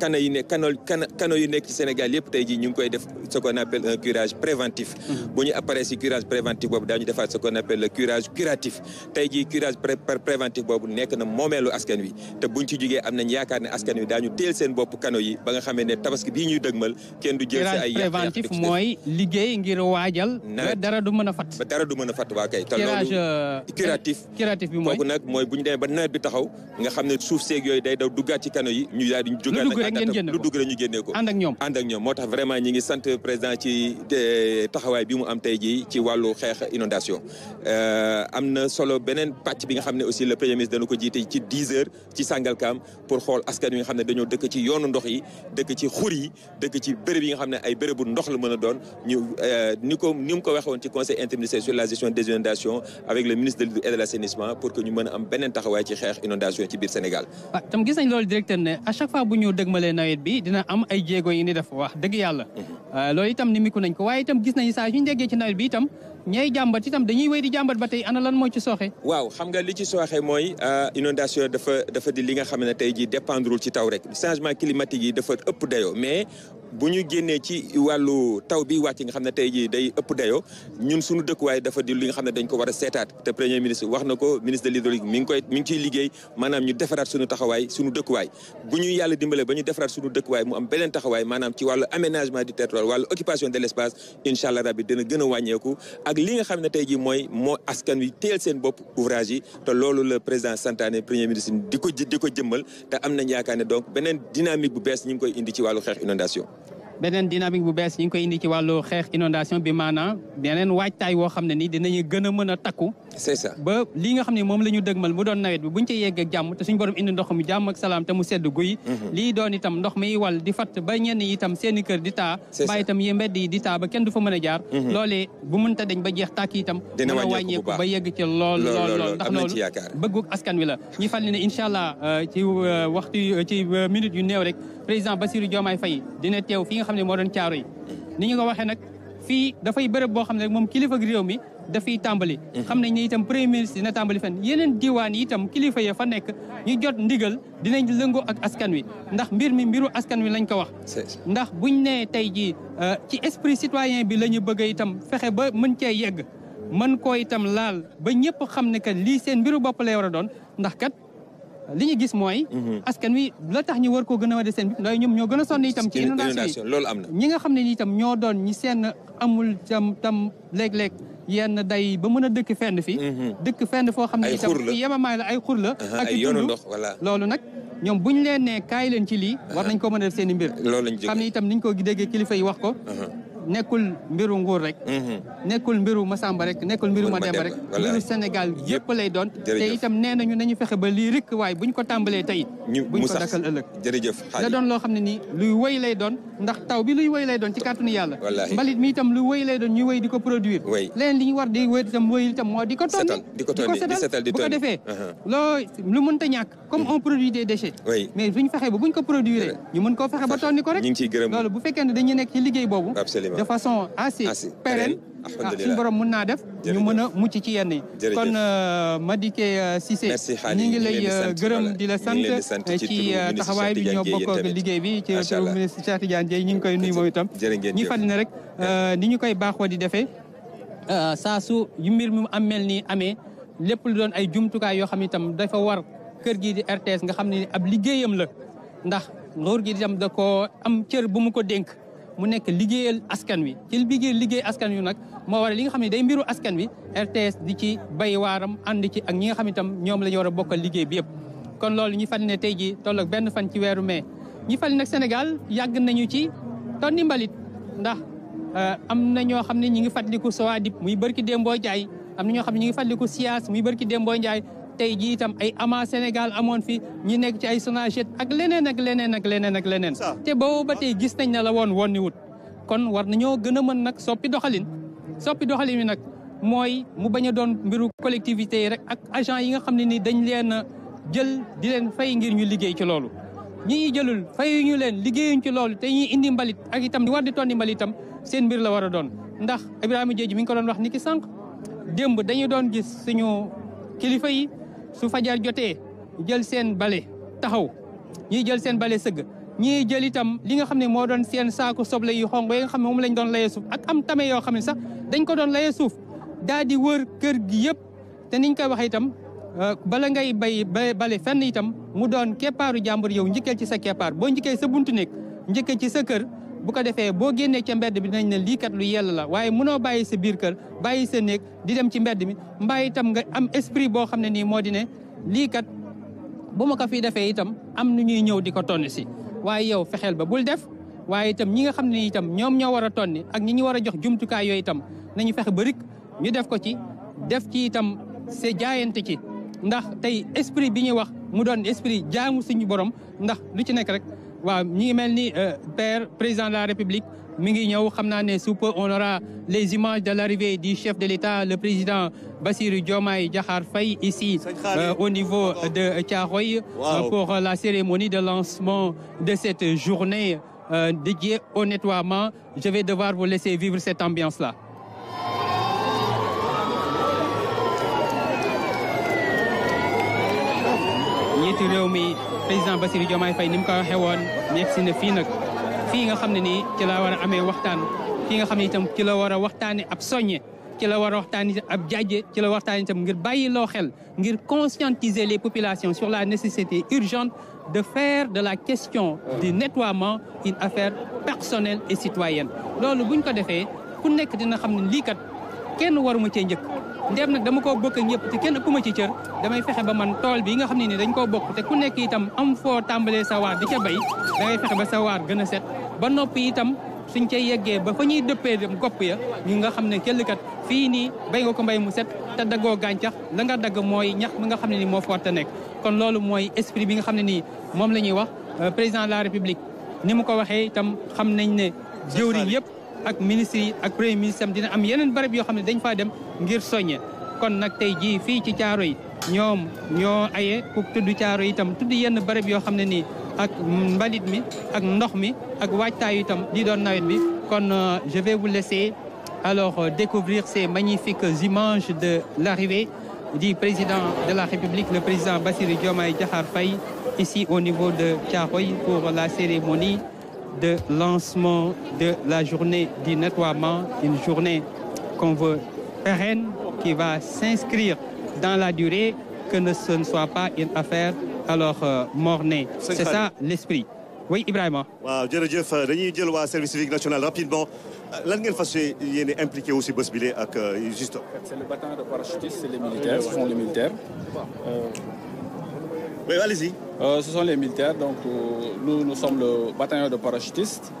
kana euh, yi ne kano kano yu nekk ci Sénégal yëpp tey ji ñu ngi koy def ce qu'on appelle un curage paree si curage préventif boobu daañu defaat ce qu'on appelle le curage curatif tey jii curage boobu nekk na moomeelu askan wi te buñ ci jugee am nañ yaakaar ne askan wi daañu teel seen bopp kano yi ba nga xamee ne tabaski bii ñuy dëgmal kenn du jël si ay curage préventif mooy liggéey ngir ba dara a fat ba du mën a fat waa kay te loolu euh, euh, bi mooy bu ñu demee ba nawet bi taxaw nga xam ne suuf seeg yooyu day daw duggaat ci kano yi ñu daal di jógaat lu dugg rek ñu génnee ko ànd ñoom moo tax vraiment ñi ngi sant président ci euh, taxawaay bi mu am tey jii ci wàllu xeex inondation euh, am na solo beneen pàcc bi nga xam ne aussi le premier ministre dana ko jiite ci 10 heures ci Sangalkam pour xool askan wi nga xam ne dañoo dëkk ci yoonu ndox yi dëkk ci xur yi dëkk ci béréb yi nga xam ne ay bérébu ndox la mën a doon ñu euh, ni ko ni mu ko waxee ci conseil interministériel sur la gestion des inondations avec le ministre de l'eau et de l'assainissement pour que ñu mën a am beneen taxawaay ci xeex inondation ci ah, wax dëgg yàlla. Mm-hmm. Euh, loolu itam nimiku nañ ko waaye ci nawet bi itam ñooy jàmbat tam dañuy wéy di jàmbat ba tey ana lan moo ci sooxe. waaw xam nga li ci sooxe mooy euh, inondation dafa dafa di li nga xam ne tey jii dépendrul ci taw rek changement climatique yi dafa ëpp dayoo mais. bu ñu génnee ci wàllu taw bi wàcc nga xam ne tey ji day ëpp dayoo ñun suñu dëkkuwaay dafa di li nga xam ne dañ ko war a seetaat te premier ministre wax na ko ministre de l'hydraulique mi ngi koy mi ngi ciy liggéey maanaam ñu defaraat suñu taxawaay suñu dëkkuwaay bu ñu dimbale ba ñu defaraat suñu dëkkuwaay mu am beneen taxawaay maanaam ci wàllu aménagement du territoire wàllu occupation de l'espace incha allah rabbi dina gën a wàññeeku ak li nga xam ne tey jii mooy moo askan wi teel seen bopp ouvrage yi loolu la président santaane premier ministre di ko di ko jëmmal te am nañ yaakaar ne donc beneen dynamique bu bees ñu ngi koy indi ci wàllu xeex inondation beneen dynamique bu bees ñu ngi koy indi ci wàllu xeex inondation bi maanaam beneen waajtaay woo xam ne ni dinañu gën a mën a takku. ba li nga xam ne moom la ñu dëgmal mu doon nawet bi buñ ci yegg ak jàmm te suñu borom indi ndox mu jàmm ak salaam te mu sedd guy. Mhm. lii doon itam ndox mi wal di fat ba ñenn yi itam seen i kër di taa. c'est ça ba itam yi mbedd yi di taa ba kenn du fa mën a jaar. Mhm. loolee bu mënta dañ ba jeex tàkk itam. dina wàññeeku ba yegg ci lool lool lool ndax loolu bëgguk askan wi la ñi fal ne incha allah euh, ci euh, waxtu ci euh, minute yu néew rek président ba Bassirou Diomaye Faye dina teew fi nga xam ne moo doon caaro yi ni ñu ko waxee nag fii dafay bërëb boo xam ne moom kilifa gi réew mi dafiy tàmbali xam nañ ne itam premier dina tàmbali fenn yeneen diwaan yi itam kilifa ya fa nekk ñu jot ndigal dinañ lëngoo ak askan wi ndax mbir mi mbiru askan wi lañ ko wax ndax buñ nee tey jii euh, ci esprit citoyen bi la ñu bëgg itam fexe ba mën cee yegg mën koo itam laal ba ñëpp xam ne kat lii seen mbiru bopp lay war a doon ndax kat li ñu gis mooy mhm. askan wi la tax ñu war koo gën a wane seen bi ndax ñoom ñoo gën a sonn itam ci inondation loolu am na ñi nga xam ne ni itam ñoo doon ñi seen amul tam tam léeg-léeg yenn day ba mën a dëkk fenn fi mhm. dëkk fenn foo xam ne itam yemamaay la ay xur la uh-huh, ak i dund loolu nag ñoom bu ñu leen ne kaay leen ci lii war uh-huh. nañ koo mën a def seen i mbir xam ne itam niñ ko déggee kilifa yi wax ko uh-huh. nekkul mbiru nguur rek mhm. nekkul mbiru Masamba rek nekkul mbiru Mademba rek mbiru Sénégal yëpp lay doon te itam nee nañu nañu fexe ba lii rikk waaye buñ ko tàmbalee tey buñ ko dakkal ëllëg jërëjëf la doon loo xam ne nii luy wëy lay doon ndax taw bi luy wëy lay doon ci kàttanu yàlla mbalit mi itam luy wëy lay doon ñuy wëy di ko produire leneen li ñu war di wëy itam wëy itam moo di ko tonni di ko setal bu ko defee uh-huh. loo lu mënta ñàkk comme mm-hmm. on produit de façon assez pérenne ah, suñu borom mën naa def ñu mën a mucc ci yenn yi kon euh, Madické euh, Cissé ñu ngi lay euh, gërëm di la sant ci taxawaay bi ñoo bokk liggéey bi ci turu ministre Cheikh Tidiane Dièye ñu ngi koy nuyu moom itam ñu fàttali ne rek ni ñu koy baaxoo di defee saa su yu mbir mi am mel nii amee lépp lu doon ay jumtukaay yoo xam ne itam dafa war kër gii di RTS nga xam ne ab liggéeyam la ndax nguur gi itam da ko am cër bu mu ko dénk mu nekk liggéeyal askan wi ci liggéey liggéey askan wi nag moo waral li nga xam ne day mbiru askan wi RTS di ci bay waaram ànd ci ak ñi nga xam ne ñoom lañu war a bokkal liggéey bi yëpp. kon loolu ñu fal ne tey jii tolloog benn fan ci weeru mai ñi fal nag Sénégal yàgg nañu ci tonni mbalit ndax euh, am na ñoo xam ne ñu ngi fàttaliku Sowadib muy bërki Dembo jaay am na ñoo xam ne ñu ngi fàttaliku Sias muy bërki Dembo Ndiaye tey jii itam ay ama Sénégal amoon fi ñi nekk ci ay Sonaged ak leneen ak leneen ak leneen ak te boobu ba tey gis nañ ne la woon woon ni wut kon war nañoo gën a mën nag soppi doxalin soppi doxalin wi nag mooy mu bañ a doon mbiru collectivité yi rek ak agent yi nga xam ne ni dañ leen a jël di leen fay ngir ñu liggéey ci loolu ñi ñuy jëlul ñu leen liggéeyuñ ci loolu te ñu indi mbalit ak itam war di tonni mbalit itam seen mbir la war a doon ndax Ibrahima Diédji mi ngi ko doon wax ni ki sànq démb dañu doon gis suñu kilifa yi su fajar jotee jël seen bale taxaw ñii jël seen bale sëgg ñii jël itam li nga xam ne moo doon seen saako soble yu xonq yi nga xam ne moom lañ doon layee suuf ak am tame yoo xam ne sax dañ ko doon layee suuf daal di wër kër gi yëpp te niñ koy waxee itam euh, bala ngay bay bale fenn itam mu doon keppaaru jàmbur yow njëkkee ci sa keppaar boo njëkkee sa buntu nekk njëkkee ci sa kër bu ko defee boo génnee ca mbedd bi dinañ ne liikat lu yell la waaye mënoo bàyyi sa biir kër bàyyi sa néeg di dem ci mbedd mi mbaa itam nga am esprit boo xam ne nii moo di ne lii kat bu ma ko fi defee itam am nu ñuy ñëw di ko tonn si waaye yow fexeel ba bul def waaye itam ñi nga xam ne itam ñoom ñoo war a tonni ak ñi ñu war a jox jumtukaay yooyu itam nañu fexe ba ñu def ko ci def ci itam sa jaayante ci ndax tey esprit bi ñuy wax mu doon esprit jaamu suñu borom ndax lu ci nekk rek waaw ñi ngi mel ni euh, père président de la république mi ngi ñëw xam naa ne sous on aura les images de l'arrivée du chef de l'État le président Bassirou Diomaye Diakhar Faye ici euh, au niveau de Thiaroye euh, pour la cérémonie de lancement de cette journée euh, dédiée au nettoiement je vais devoir vous laisser vivre cette ambiance-là njiitu mi président Bassirou Diomaye Faye ni mu ko waxee woon si na fii nag fii nga xam ne nii ci la war a amee waxtaan fii nga xam ne itam ci la war a waxtaanee ab soññe ci la war a waxtaanee ab jaaj ci la waxtaanee itam ngir bàyyi loo xel ngir conscientiser les populations sur la nécessité urgente de faire de la question du nettoiement une affaire personnelle et citoyenne loolu buñ ko defee ku nekk dina xam ne lii kenn waruma cee njëkk ndeem nag dama koo bëkk ak ñëpp te kenn ëpp ma ci cër damay fexe ba man tool bi nga xam ne ni dañ koo bokk te ku nekk itam am foo tàmbalee sa di ca bay dangay fexe ba sa waar gën a set ba noppi itam suñ ca yeggee ba fa ñuy dëppee dem gopp ya ñu nga xam ne kat fii nii bay nga ko mbay mu set te daggoo gàncax la nga dagg mooy ñax mi nga xam ne nii moo forte nekk kon loolu mooy esprit bi nga xam ne nii moom la ñuy wax euh, président de la république ni mu ko waxee itam xam nañ ne jëwriñ yëpp ak ministre yi ak premier ministre dina am yeneen barab yoo xam ne dañ faa dem ngir soññe kon nag tey jii fii ci caaro yi ñoom ñoo aye ku tudd caaro itam tudd yenn barab yoo xam ne nii ak mbalit mi ak ndox mi ak waajtaayu itam di doon nawet bi kon euh, je vais vous laisser alors euh, découvrir ces magnifiques images de l'arrivée di président de la République, le président Bassirou Diomaye jaxaar Faye, ici au niveau de Tiaroy pour la cérémonie de lancement de la journée du nettoiement, une journée qu'on veut pérenne, qui va s'inscrire dans la durée, que ne ce ne soit pas une affaire alors euh, mornée. C'est ça l'esprit. Oui, Ibrahima. waaw jërëjëf dañuy jël waa service civique national rapidement lan ngeen fas yéene impliqué aussi bés bile ak euh, juste. c'est le bâton de parachutiste, c'est les militaires, ce sont les militaires. Euh... Oui, allez-y. Euh, ce sont les militaires, donc euh, nous, nous sommes le bataillon de parachutistes.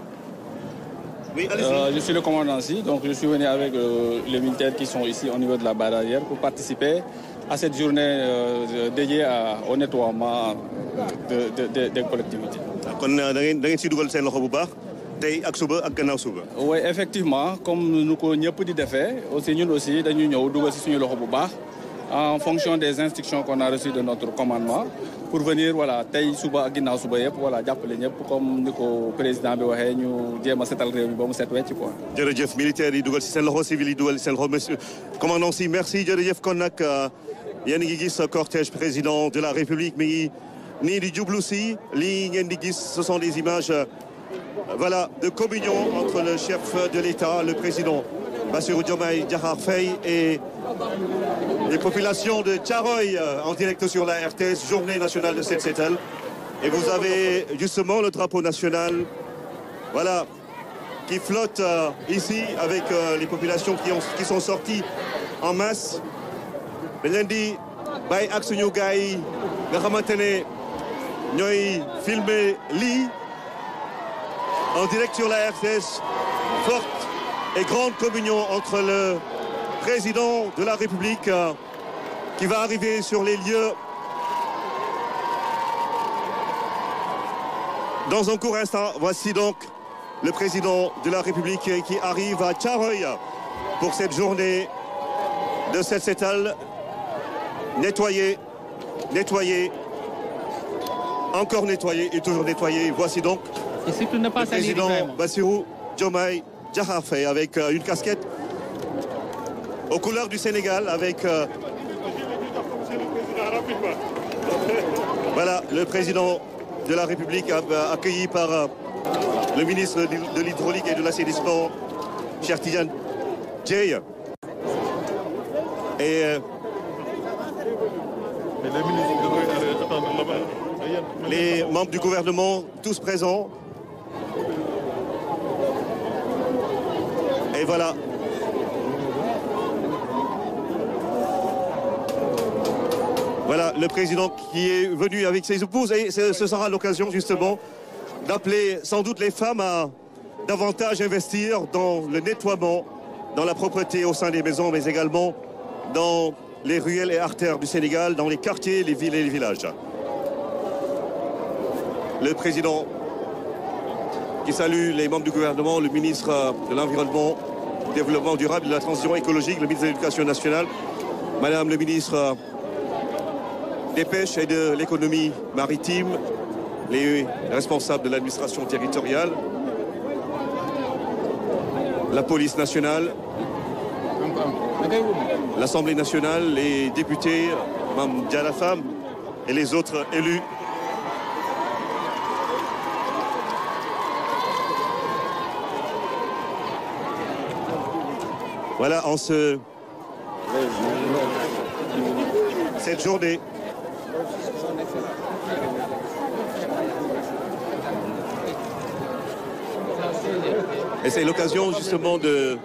Oui, euh, je suis le commandant ici, donc je suis venu avec euh, les militaires qui sont ici au niveau de la barrière pour participer à cette journée euh, dédiée à, au nettoiement des de, de, de collectivités. Oui, effectivement, comme nous avons dit fait, aussi nous aussi, nous avons en fonction des instructions qu'on a reçues de notre commandement. pour venir voilà tey suba ak ginnaaw suba yëpp voilà jàppale ñëpp comme ni ko président bi waxee ñu jéem a setal réew mi si seen loxo civil yi dugal si seen loxo merci jërëjëf kon nag euh, yéen ngi cortège président de la république mi ngi nii di jublu si lii ngeen ce sont des images euh, voilà de communion entre le chef de l'État le président Bassirou Diomaye Diakhar Faye les populations de Tcharoy euh, en direct sur la RTS, journée nationale de Setsetel. Et vous avez justement le drapeau national, qui flotte euh, ici avec euh, les populations qui, sont sorties en masse. dañ leen di bàyyi ak suñu gars yi nga ne ñooy filmer lii en direct sur la RTS. Forte et grande communion entre le président de la République euh, qui va arriver sur les lieux dans un court instant. Voici donc le président de la République qui arrive à Tcharoy pour cette journée de cette sétale encore nettoyée et toujours nettoyée. Voici donc et si tu ne pas le président Bassirou Diomaye Djahafé avec euh, une casquette aux couleurs du Sénégal avec... Euh, voilà, le président de la République euh, accueilli par euh, le ministre de l'Hydraulique et de l'Assainissement, cher Tidiane Djei. Et... Les membres du gouvernement, tous présents. Et voilà, Voilà le président qui est venu avec ses épouses et ce sera l'occasion d'appeler sans doute les femmes à davantage investir dans le nettoiement, dans la propreté au sein des maisons, mais également dans les ruelles et artères du Sénégal, dans les quartiers, les villes et les villages. Le président qui salue les membres du gouvernement, le ministre de l'Environnement, du Développement durable, de la transition écologique, le ministre de l'Éducation des pêches et de l'économie maritime, les responsables de l'administration territoriale, la police nationale, l'Assemblée nationale, les députés, Mme Dialafam et les autres élus. Voilà, en ce... cette journée Et c'est l'occasion justement de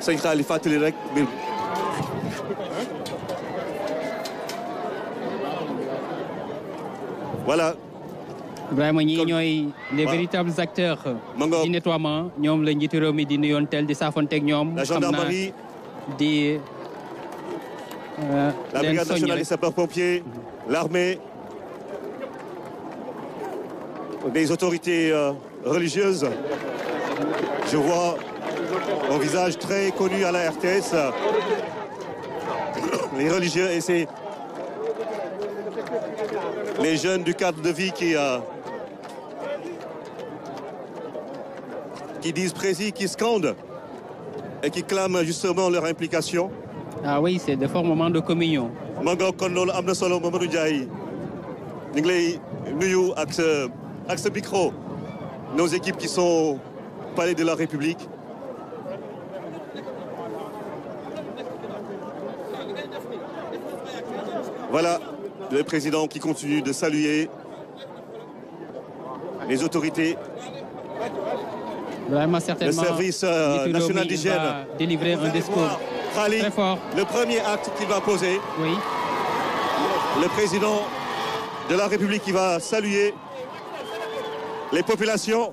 Sëñ Khalifa Telirek bir voilà. Ibrahima ñii ñooy les véritables acteurs. di nettoiement ñoom la njiitu réew mi di nuyoon tel di saafonteeg ñoom. la gendarmerie di. Euh, la brigade nationale des sapeurs-pompiers mhm. l'armée des autorités euh, religieuses. Je vois au visage très connu à la RTS euh, les religieux et c'est les jeunes du cadre de vie qui, euh, qui disent précis, qui scandent et qui clament justement leur implication. Ah oui, c'est des forts moments de communion. ma nga kon loolu am na solo Mamadou Ndiaye ñu ngi lay nuyu ak ak sa nos équipes qui sont au de la République voilà le président qui continue de saluer les autorités le service euh, national d'hygiène le premier acte qu'il va poser le président de la République qui va saluer les populations.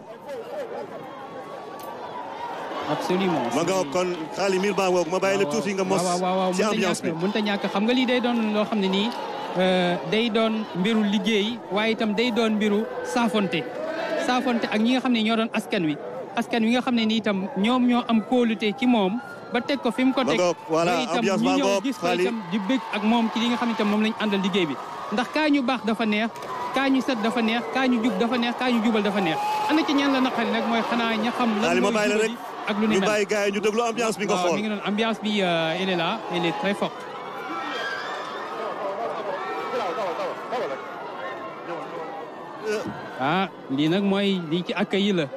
absolument ma nga kon xaaral mi ba ngoog ma bàyyi la tuuti nga mos. ci ambiance ñàkk xam nga lii day doon loo xam ne nii euh, day doon mbiru liggéey waaye itam day doon mbiru saafonte saafonte ak ñi nga xam ne ñoo doon askan wi askan wi nga xam ne nii itam ñoom ñoo am kóolute ci moom. ba teg ko fi mu ko teg voilà ambiance ba ngoog xaalis ko itam di bëgg ak moom ci li nga xam ne itam moom lañ àndal liggéey bi ndax kaa ñu baax dafa neex. kaa ñu set dafa neex kaa ñu jub dafa neex kaa dafa neex ana ci ñan la naqari nag mooy xanaa ña lan mooy jubali ak lu ni mel ñu yi ñu déglu ambiance bi nga ambiance bi euh, elle est là elle est euh. ah lii mooy lii ci accueil yi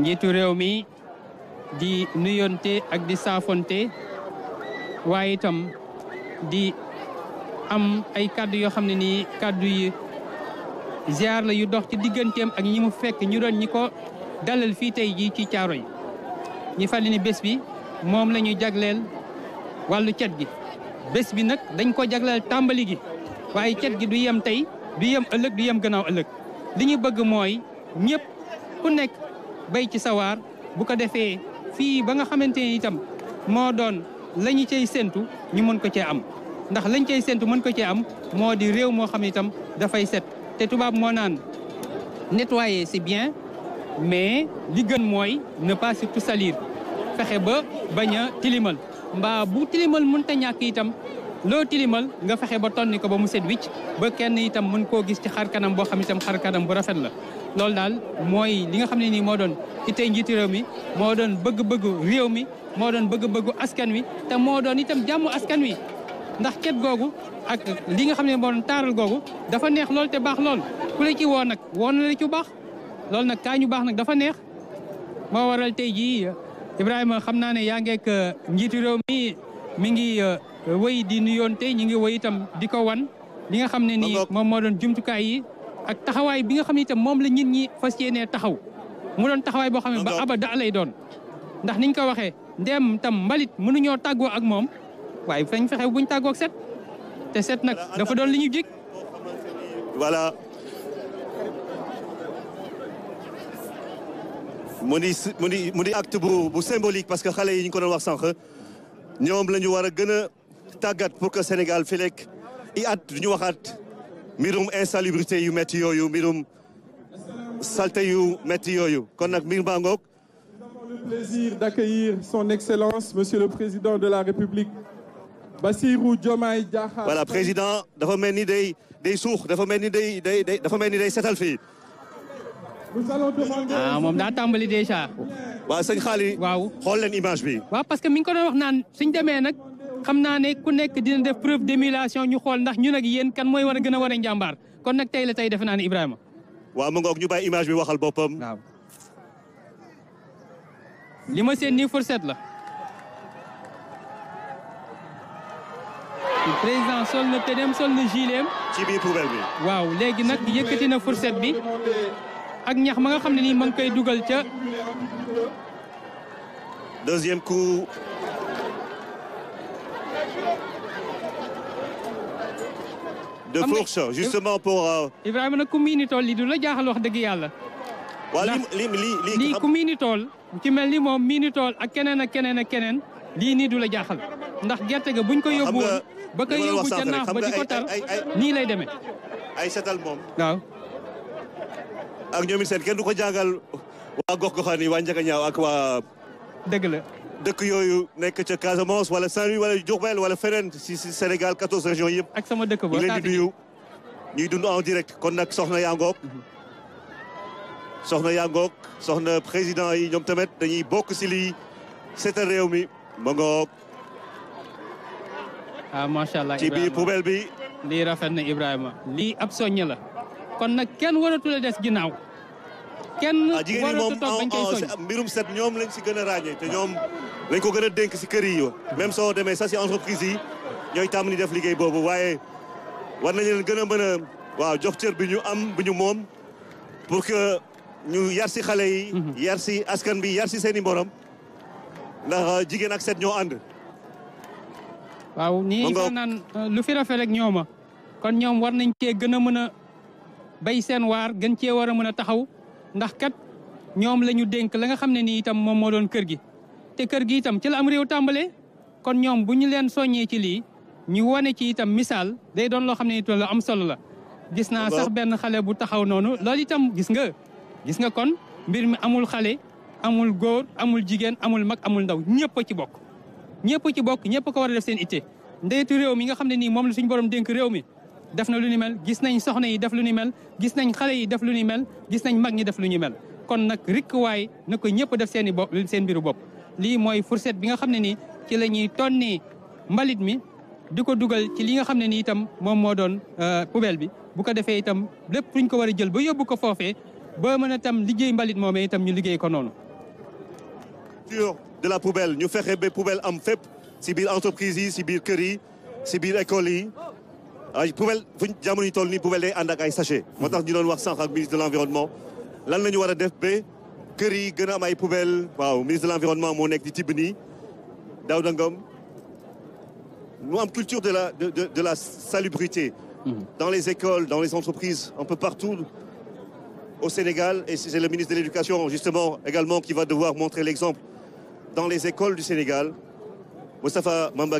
njiitu réew mi di nuyonte ak di saafonte waaye itam di am ay kàddu yoo xam ne nii kàddu yi ziar la yu dox ci digganteem ak ñi mu fekk ñu doon ñi ko daleel fii tey jii ci caaro yi ñi fàttali ni bés bi moom la jagleel wàllu cet gi bés bi nag dañ ko jagleel tàmbali gi waaye cet gi du yem tey du yem ëllëg du yem gannaaw ëllëg li ñu bëgg mooy ñëpp ku nekk bay ci sawaar bu ko defee fii ba nga xamante ni itam moo doon lañu ñu séentu ñu mën ko cee am ndax lañ cay séntu mën ko cee am moo di réew moo xam ne itam dafay set te tubaab moo naan nettoyer c'est bien mais li gën mooy na pas surtout salir fexe ba bañ a tilimal mbaa bu tilimal mën ta ñàkk itam loo tilimal nga fexe ba ni ko ba mu set wicc ba kenn itam mën koo gis ci xar kanam boo xam itam xar kanam bu rafet la loolu daal mooy li nga xam ne nii moo doon ci tey njiiti réew mi moo doon bëgg-bëggu réew mi moo doon bëgg-bëggu askan wi te moo doon itam jàmm askan wi ndax ket googu ak li nga xam ne moo doon taaral googu dafa neex lool te baax lool ku la ci woo nag woon na la ci baax loolu nag kaa ñu baax nag dafa neex moo waral tey jii Ibrahima xam naa ne yaa ngeek uh, njiitu réew mi mi ngi uh, wéy di nuyoon tey ñu ngi wéy itam di ko wan li nga xam ne nii moom moo doon jumtukaay yi ak taxawaay bi nga xam ne itam moom la nit ñi fas yéenee taxaw mu doon taxawaay boo xam ne ba abada lay doon ndax niñ ko waxee ndem tam tàggoo ak moom waay waaye fañ bu ñu tàggoog set te set nag dafa doon li ñu jig voilà mu di mu di mu di bu bu symbolique parce que xale yi ñu ko doon wax sànq ñoom lañu ñu war a gën a tàggat pour que Sénégal fi i at du ñu waxaat mbirum insalubrité yu métti yooyu mbirum salte yu métti yooyu kon nag mbir baa ngoog plaisir d'accueillir son excellence monsieur le président de la République Bassirou Diomaye Diakhar voilà président dafa mel ni day day suux dafa mel ni day day day dafa mel ni day setal fii. ah moom daa tàmbali déjà. waaw sëñ Xaali. waaw xool leen image bi. waaw parce que mi ngi ko doon wax naan suñ demee nag xam naa ne ku nekk dina def preuve d'émulation ñu xool ndax ñu nag yéen kan mooy war a gën a war a njàmbaar kon nag tey la tey defe naa ne Ibrahima. waaw mu ngoog ñu bàyyi image bi waxal boppam. waaw ma seen nii fourchette la. président sol na tëdem sol na gileem ci biir poubelle bi waaw léegi nag yëkkati na fourchette bi ak ñax ma nga xam ne nii ma nga koy dugal ca deuxième coup de fourche justement pour euh, Ibrahima nag ku miini tool li du la jaaxal wax dëgg yàlla waaw li li lii ku miini ci mel ni moom miini tool ak keneen ak keneen ak keneen lii nii du la jaaxal ndax gerte ga buñ ko yóbbu ba ko yóbbu ca naaf ba di ko tar nii lay demee. ay setal moom. waaw. ak ñoomi seen kenn du ko jàngal waa gox goxaan waa Njagañaaw ak waa. dëgg la. dëkk yooyu nekk ca Casamance wala Saint-Louis wala Diourbel wala feneen si si Sénégal 14 régions yëpp. ak sama dëkk ba di nuyu ñuy dund en kon nag soxna yaa ngoog mhm. soxna yaa ngoog soxna président yi ñoom tamit dañuy bokk si li seetal réew mi ma ngoog ah macha allah ci biir poubelle bi. lii rafet na Ibrahima. lii ab soññe la. kon nag kenn waratu la des ginnaaw. kenn ah, waratu toog bañ koy ah, soññ ah, mbirum set ñoom lañ si gën a ràññee te ñoom lañ ko gën a dénk si kër yi yoo même soo demee sa si entreprise yi ñooy tàmm ni def liggéey boobu waaye war nañu gën a mën a waaw bi ñu am bi ñu moom pour que ñu yar si xale yi. Mhm. yar si askan bi yar si seeni i morom ndax jigéen ak set ñoo ànd. waaw ñii ko euh, lu fi rafet rek ñooma kon ñoom war nañ cee gën a mën a bay seen waar gën cee war a mën a taxaw ndax kat ñoom la ñu dénk la nga xam ne nii itam moom moo doon kër gi te kër gi itam ci la am réew tàmbalee kon ñoom bu ñu leen soññee ci lii ñu wane ci itam misaal day doon loo xam ne itam la am solo la gis naa sax benn xale bu taxaw noonu loolu itam gis nga gis nga kon mbir mi amul xale amul góor amul jigéen amul mag amul ndaw ñëpp ci bokk ñëpp ci bokk ñëpp ko war a def seen itte ndeyetu réew mi nga xam ne nii moom la suñu borom dénk réew mi def na lu ni mel gis nañ soxna yi def lu ni mel gis nañ xale yi def lu ni mel gis nañ mag ñi def lu ñu mel kon nag rikkuwaay na ko ñëpp def seen i bopp seen mbiru bopp lii mooy fourchette bi nga xam ne nii ci la ñuy tonnee mbalit mi di ko dugal ci li nga xam ne nii itam moom moo doon euh, poubelle bi bu ko defee itam lépp luñ ko war a jël ba yóbbu ko foofee ba mën a tam liggéey mbalit moomee itam ñu liggéey ko noonu de la poubelle ñu fexe ba poubelle am fépp si biir entreprise yi si biir kër yi si biir école yi ay poubelle fu ñu jamono ñu nii poubelle day ànd ay sache moo tax ñu doon wax sànq ak ministre de l' environnement lan la ñu war a def ba kër yi gën a am ay poubelle waaw ministre de l' environnement moo nekk di tibb nii daaw dangam mu am culture la de de, de la salubrité. Mm-hmm. dans les écoles dans les entreprises un peu partout au Sénégal et c'est le ministre de l'éducation justement également qui va devoir montrer l'exemple dans les écoles du Sénégal. Moustapha Mamba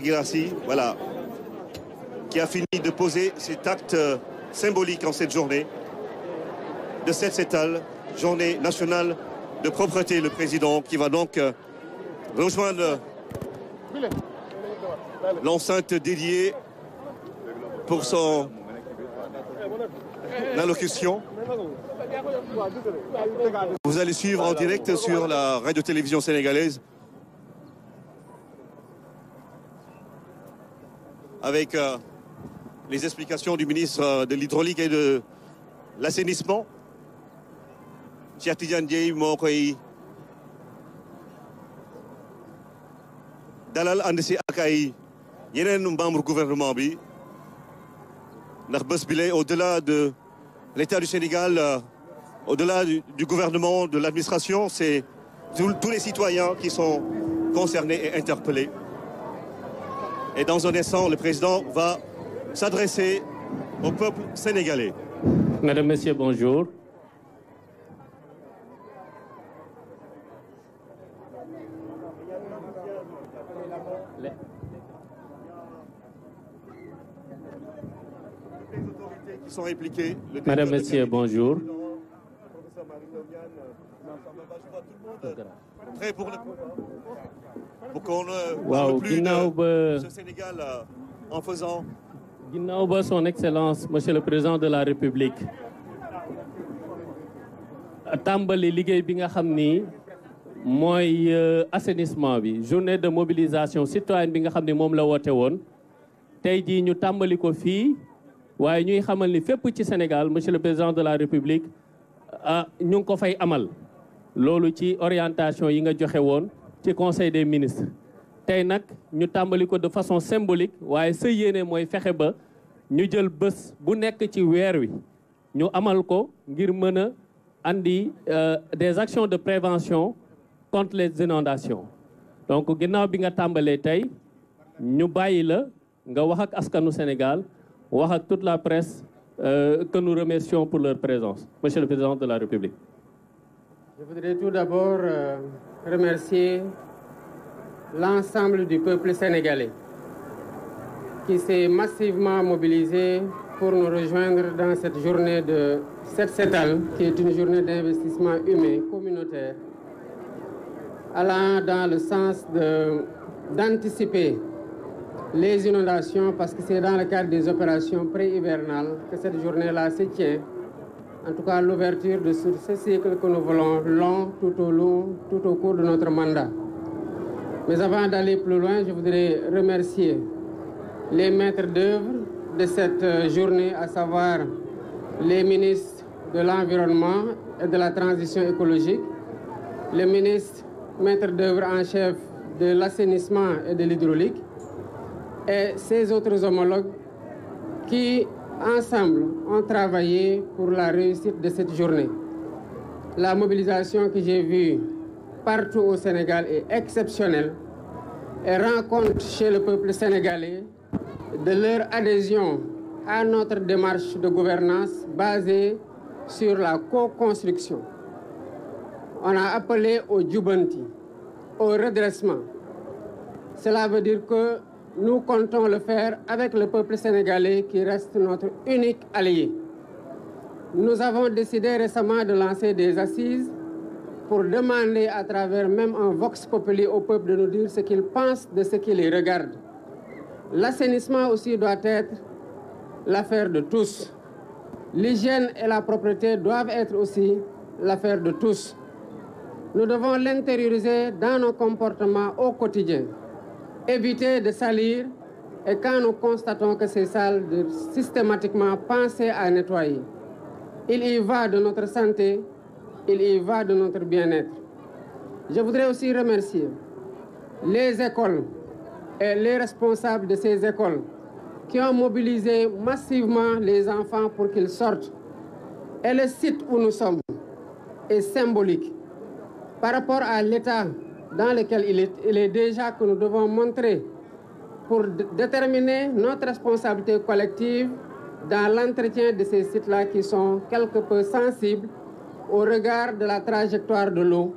voilà, qui a fini de poser cet acte euh, symbolique en cette journée de cette étale, journée nationale de propreté, le président qui va donc euh, rejoindre l'enceinte dédiée pour son allocution. Vous allez suivre en direct sur la radio sénégalaise. avec euh, les explications du ministre euh, de l'hydraulique et de l'assainissement Cheikh Tidiane Dièye moo koy dalal ànd si ak ay yeneen membre gouvernement bi ndax bés bi lay au-delà de l'État du Sénégal euh, au-delà du, du gouvernement de l'administration c'est tous les citoyens qui sont concernés et interpellés Et dans un instant, le président va s'adresser au peuple sénégalais. Madame, Monsieur, bonjour. sont impliqués. Madame, Monsieur, bonjour. Prêt pour le... Euh, waaw ginnaaw ba ginnaaw euh, ba son excellence monsieur le président de la république tàmbali liggéey bi nga xam ni mooy euh, assainissement bi journée de mobilisation citoyenne bi nga xam ni moom la woote woon tey jii ñu tàmbali ko fii waaye ñuy xamal ni fépp ci Sénégal monsieur le président de la république ah ñu ngi ko fay amal loolu ci orientation yi nga joxe woon ci conseil des ministres tey nag ñu tàmbali ko de façon symbolique waaye sa yéene mooy fexe ba ñu jël bës bu nekk ci weer wi ñu amal ko ngir mën a andi euh, des actions de prévention contre les inondations donc ginnaaw bi nga tàmbalee tey ñu bàyyi la nga wax ak askanu Sénégal wax ak la presse euh, que nous pour leur présence monsieur le président de la République remercier l'ensemble du peuple sénégalais qui s'est massivement mobilisé pour nous rejoindre dans cette journée de Set Setal, qui est une journée d'investissement humain communautaire, allant dans le sens d'anticiper les inondations, parce que c'est dans le cadre des opérations pré-hivernales que cette journée se tient en tout cas l'ouverture de ce, ce cycle que nous voulons long tout au long, tout au cours de notre mandat. Mais avant d'aller plus loin, je voudrais remercier les maîtres d'œuvre de cette journée, à savoir les ministres de l'Environnement et de la Transition écologique, le ministre maître d'œuvre en chef de l'assainissement et de l'hydraulique, et ses autres homologues qui ensemble, ont travaillé pour la réussite de cette journée. La mobilisation que j'ai vue partout au Sénégal est exceptionnelle et rencontre chez le peuple sénégalais de leur adhésion à notre démarche de gouvernance basée sur la co-construction. On a appelé au Djoubanti, au redressement. Cela veut dire Nous comptons le faire avec le peuple sénégalais qui reste notre unique allié. Nous avons décidé récemment de lancer des assises pour demander à travers même un vox populi au peuple de nous dire ce qu'il pense de ce qui les regarde. L'assainissement aussi doit être l'affaire de tous. L'hygiène et la propreté doivent être aussi l'affaire de tous. Nous devons l'intérioriser dans nos comportements au quotidien. éviter de salir et quand nous constatons que ces salles doivent systématiquement penser à nettoyer. Il y va de notre santé, il y va de notre bien-être. Je voudrais aussi remercier les écoles et les responsables de ces écoles qui ont mobilisé massivement les enfants pour qu'ils sortent. Et le site où nous sommes est symbolique par rapport à l'état dans lesquels il est, il est déjà que nous devons montrer pour déterminer notre responsabilité collective dans l'entretien de ces sites-là qui sont quelque peu sensibles au regard de la trajectoire de l'eau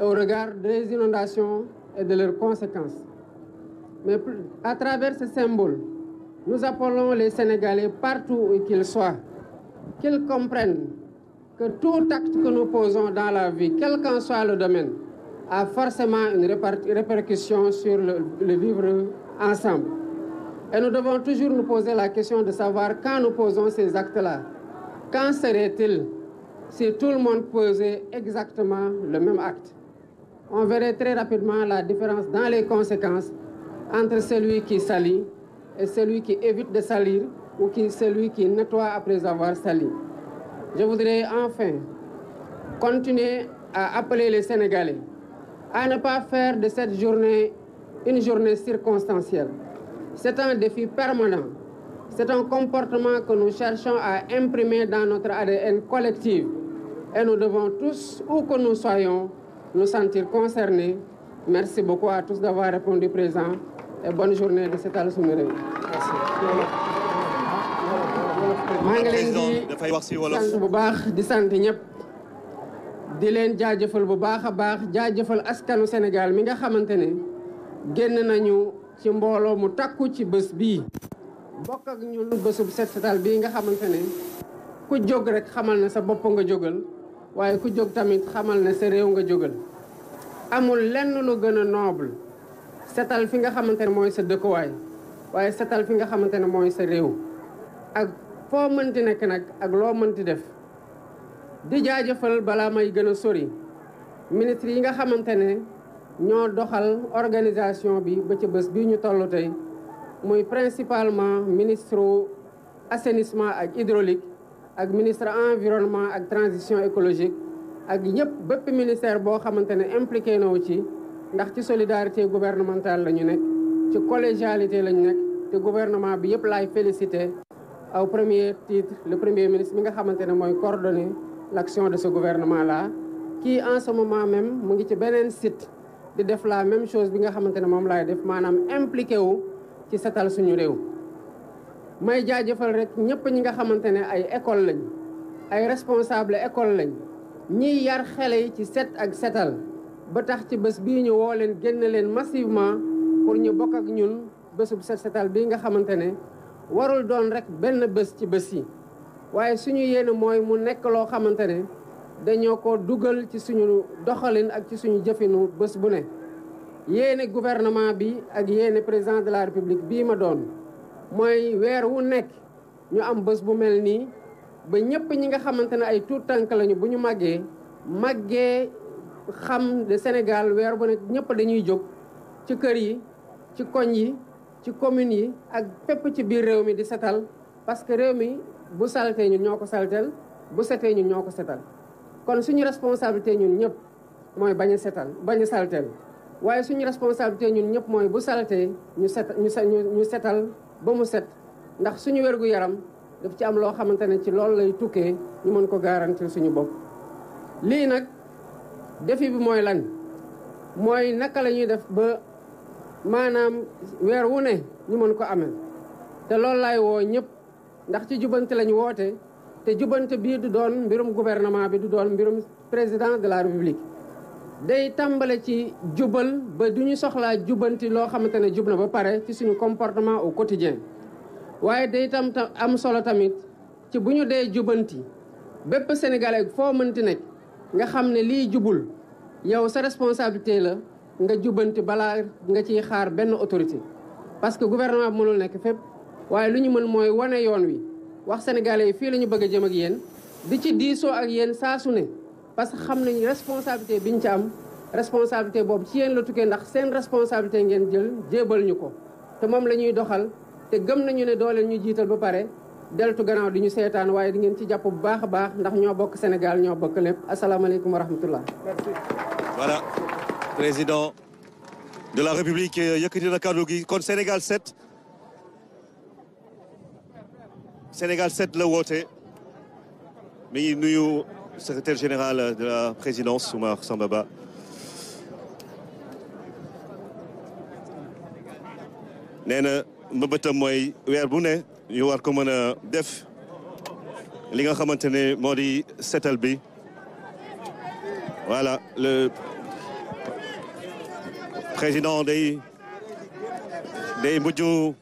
et au regard des inondations et de leurs conséquences. Mais à travers ce symbole, nous appelons les Sénégalais partout où qu'ils soient, qu'ils comprennent que tout acte que nous posons dans la vie, quel qu'en soit le domaine, a forcément une répercussion sur le, le, vivre ensemble. Et nous devons toujours nous poser la question de savoir quand nous posons ces actes-là, quand serait-il si tout le monde posait exactement le même acte On verrait très rapidement la différence dans les conséquences entre celui qui salit et celui qui évite de salir ou qui, celui qui nettoie après avoir sali. Je voudrais enfin continuer à appeler les Sénégalais à ne pas faire de cette journée une journée circonstancielle. C'est un défi permanent. C'est un comportement que nous cherchons à imprimer dans notre ADN collective. Et nous devons tous, où que nous soyons, nous sentir concernés. Merci beaucoup à tous d'avoir répondu présent et bonne journée de cette alsuméré. Merci. sant bu di leen jaajëfal bu baax a baax jaajëfal askanu Sénégal mi nga xamante ne génn nañu ci mbooloo mu takku ci bës bi bokk ak ñun bésub set setal bii nga xamante ne ku jóg rek xamal na sa bopp nga jógal waaye ku jóg tamit xamal na sa réew nga jógal amul lenn lu gën a noble setal fi nga xamante ne mooy sa dëkkuwaay waaye setal fi nga xamante ne mooy sa réew ak foo mënti nekk nag ak loo mënti def di jaajëfal balaa may gën a sori ministre yi nga xamante ne ñoo doxal organisation bi ba ca bés bi ñu toll tey muy principalement ministre assainissement ak hydraulique ak ministre environnement ak transition écologique ak ñëpp bépp ministère boo xamante ne impliqué nawu ci ndax ci solidarité gouvernementale la ñu nekk ci collégialité la ñu nekk te gouvernement bi yëpp laay félicité au premier titre le premier ministre mi nga xamante ne mooy coordonné l'action de ce gouvernement-là qui en ce moment même mu ngi ci beneen sit di def la même chose bi nga xamante ne moom laay def maanaam impliqué wu ci setal suñu réew may jaajëfal rek ñëpp ñi nga xamante ne ay école lañ ay responsable école lañ ñiy yar xele yi ci set ak setal ba tax ci bés bii ñu woo leen génn leen massivement pour ñu bokk ak ñun bésub set setal bii nga xamante ne warul doon rek benn bés ci bés yi waaye suñu yéene mooy mu nekk loo xamante ne dañoo ko dugal ci suñu doxalin ak ci suñu jëfinu bés bu ne yéene gouvernement bi ak yéene président de la république bii ma doon mooy weer wu nekk ñu am bés bu mel nii ba ñëpp ñi nga xamante ne ay tuut tànk lañu bu ñu màggee màggee xam de Sénégal weer bu nekk ñëpp dañuy jóg ci kër yi ci koñ yi ci communes yi ak pépp ci biir réew mi di setal parce réew mi bu saltee ñun ñoo ko saltel bu setee ñun ñoo ko setal kon suñu responsabilité ñun ñëpp mooy bañ a setal bañ a saltel waaye suñu responsabilité ñun ñëpp mooy bu saltee ñu set ñu setal ba mu set ndax suñu wérgu yaram daf ci am loo xamante ne ci loolu lay tukkee ñu mën ko garantir suñu bopp lii nag défi bi mooy lan mooy naka lañuy def ba maanaam weer wu ne ñu mën ko amee te loolu lay woo ñëpp ndax ci jubante lañu woote te jubante bii du doon mbirum gouvernement bi du doon mbirum président de la république day tàmbale ci jubal ba du ñu soxlaa jubbanti loo xamante ne jub na ba pare ci suñu comportement au quotidien waaye day tam am solo tamit ci bu ñu dee jubanti bépp sénégalais foo mënti nekk nga xam ne lii jubul yow sa responsabilité la nga jubanti balaa nga ciy xaar benn autorité parce que gouvernement bi mënul nekk fépp waaye lu ñu mën mooy wane yoon wi wax sénégalais yi fii la ñu bëgg a jëm ak yéen di ci diisoo ak yéen saasu ne parce que xam nañu responsabilité bi ñu ci am responsabilité boobu ci yéen la tukkee ndax seen responsabilité ngeen jël jéebal ñu ko te moom la ñuy doxal te gëm nañu ne doo leen ñu jiital ba pare deltu gannaaw di ñu seetaan waaye di ngeen ci jàpp bu baax a baax ndax ñoo bokk Sénégal ñoo bokk lépp asalaamaaleykum wa rahmatullah voilà président de la euh, kon Sénégal 7 Sénégal 7 la woote mi nuyu secretaire général de la présidence Oumar Sambaba nee na mbëbëtam mooy weer bu ne ñu ko mën a def li nga xamante ne moo di setal bi voilà le président day day mujj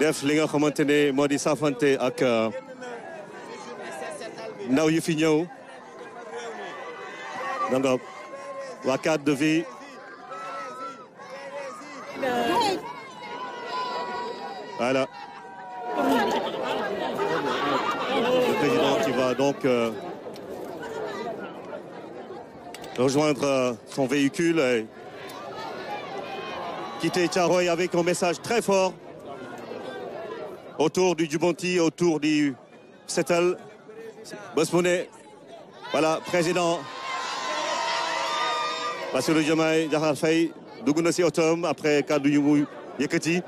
def li nga xamante ne moo di safante ak euh, ndaw yu fi ñëw donc waa cadre de vie le président qui va donc euh, rejoindre euh, son véhicule et quitter Thiaroye avec un message très fort autour du Djubonti, autour du mu ne voilà, président. Bassirou Diomaye Diakhar Faye dugg na si otoom après kàddu yu mu yëkkati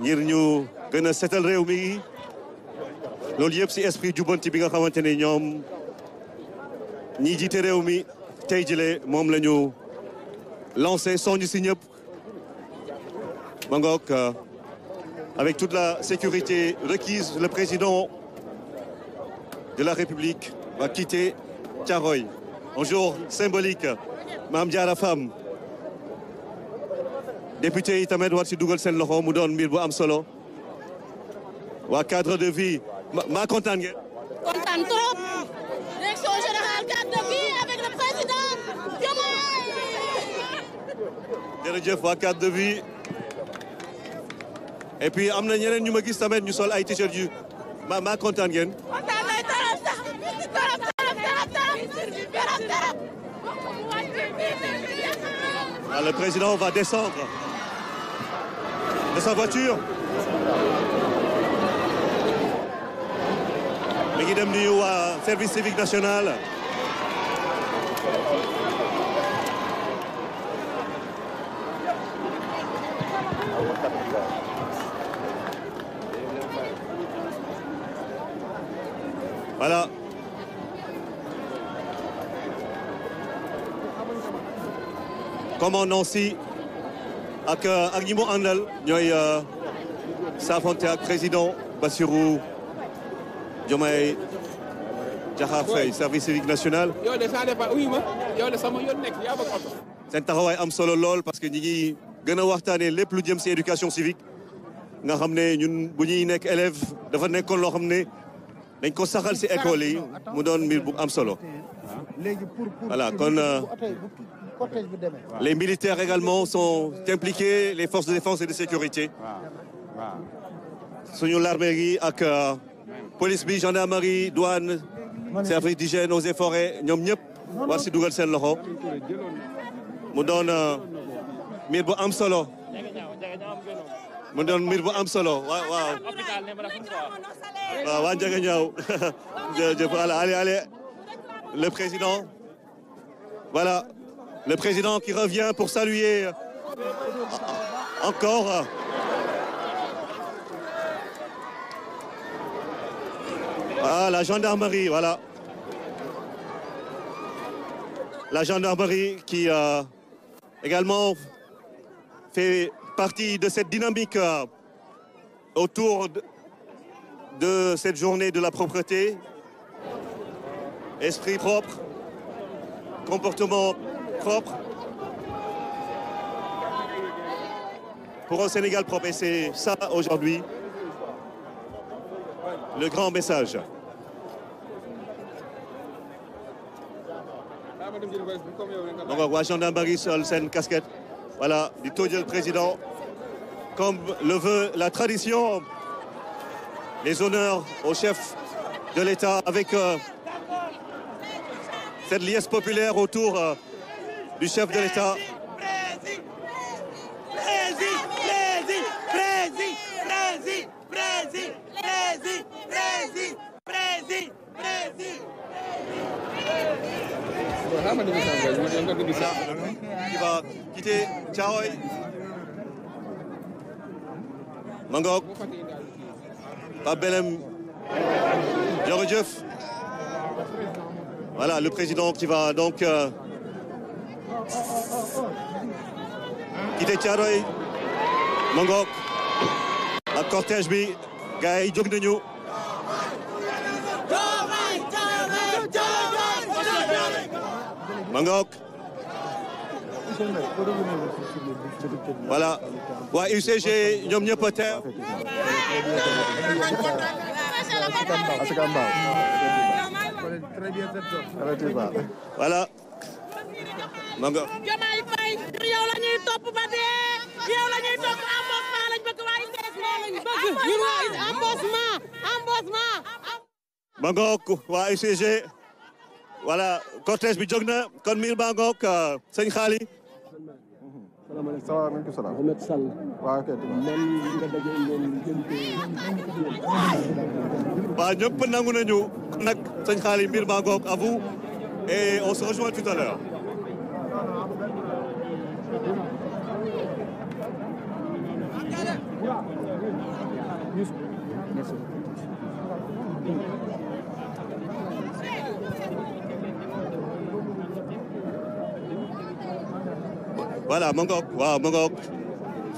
ngir ñu gën setal réew mi loolu yëpp si esprit jubanti bi nga xamante ne ñoom ñi jiite réew mi tey jile moom lañu ñu lancé soññ si ñëpp ma euh, avec toute la sécurité requise, le président de la République va quitter Tiaroy. Un symbolique, Mamdia la femme. député yi tamit war ci mu mbir bu am solo cadre de vie maa kontaan ngeen. kontaan trop. direction générale cadre de vie avec le président Diomaye. jërëjëf waa cadre de vie. et puis am na ñeneen ñu ma gis tamit ñu sol ay t-shirt yu ma maa kontaan ngeen. Ah, le président va descendre de sa voiture. mi ngi dem nuyu waa service civique national. maman Nancy ak euh, ak ñi mu àndal ñooy euh, saafonte ak président Bassirou Diomaye Diakhar Faye service civique national seen taxawaay am solo lool parce que ñi ngi gën a waxtaanee lépp lu jëm ci éducation civique nga xam ne ñun bu ñuy nekk élève dafa nekkoon loo xam ne dañ ko saxal ci école yi mu doon mbir bu am solo cortège bi demee. les militaires également sont impliqués les forces de défense et de sécurité. suñu larmerie ak euh, police bi gendarmerie douane service d'hygiène eaux et forêts ñoom ñëpp war si dugal seen loxo mu doon euh, mbir bu am solo doon mbir bu am solo waaw waaw waaw allez allez le président voilà Le président qui revient pour saluer encore. Ah, la gendarmerie, voilà. La gendarmerie qui euh, également fait partie de cette dynamique euh, autour de cette journée de la propreté. Esprit propre, comportement propre pour un Sénégal propre. Et c'est ça aujourd'hui le grand message. donc waa gendarmerie sol seen casquette voilà di tóojal président comme le veut la tradition les honneurs au chef de l'État avec euh, cette liesse populaire autour. Euh, du chef de l'État. Qui va quitter Thiaroye Mangok Pape Belem jërëjëf voilà le président qui va donc euh, diggante Caaroy ma ngoog ak cortège bi gars yi jóg nañu ma ngoog voilà waa UCG ñoom ñëpp a teew voilà topp ba dee yow la ñuy topp embossement lañ bëgg waa ma ngoog waa UCG voilà cortège bi jóg na kon miir baa ngoog euh, sëñ Xaali salaamaaleykum nangu nañu nag sëñ Xaali mbir maa ngoog à et on se rejoint Merci. voilà ma ngoog waaw ma ngoog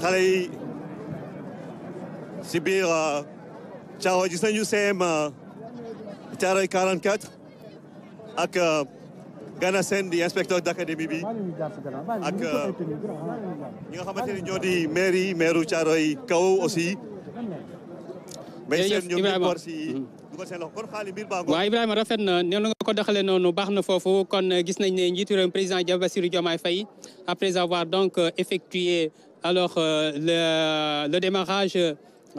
xale yi si biir euh, Thiaroye gis nañu Gana Sène di inspecteur d'académie bi ak euh, ñi nga xamante ni ñoo di maire yi maire Thiaroye Kaw aussi mais seen ñoom ñu war si mm-hmm. waaw Ibrahima rafet na noonu nga ko doxalee noonu baax na foofu kon euh, gis nañ ne njiitu réew président Bassirou Diomaye Faye après avoir donc euh, effectué alors le démarrage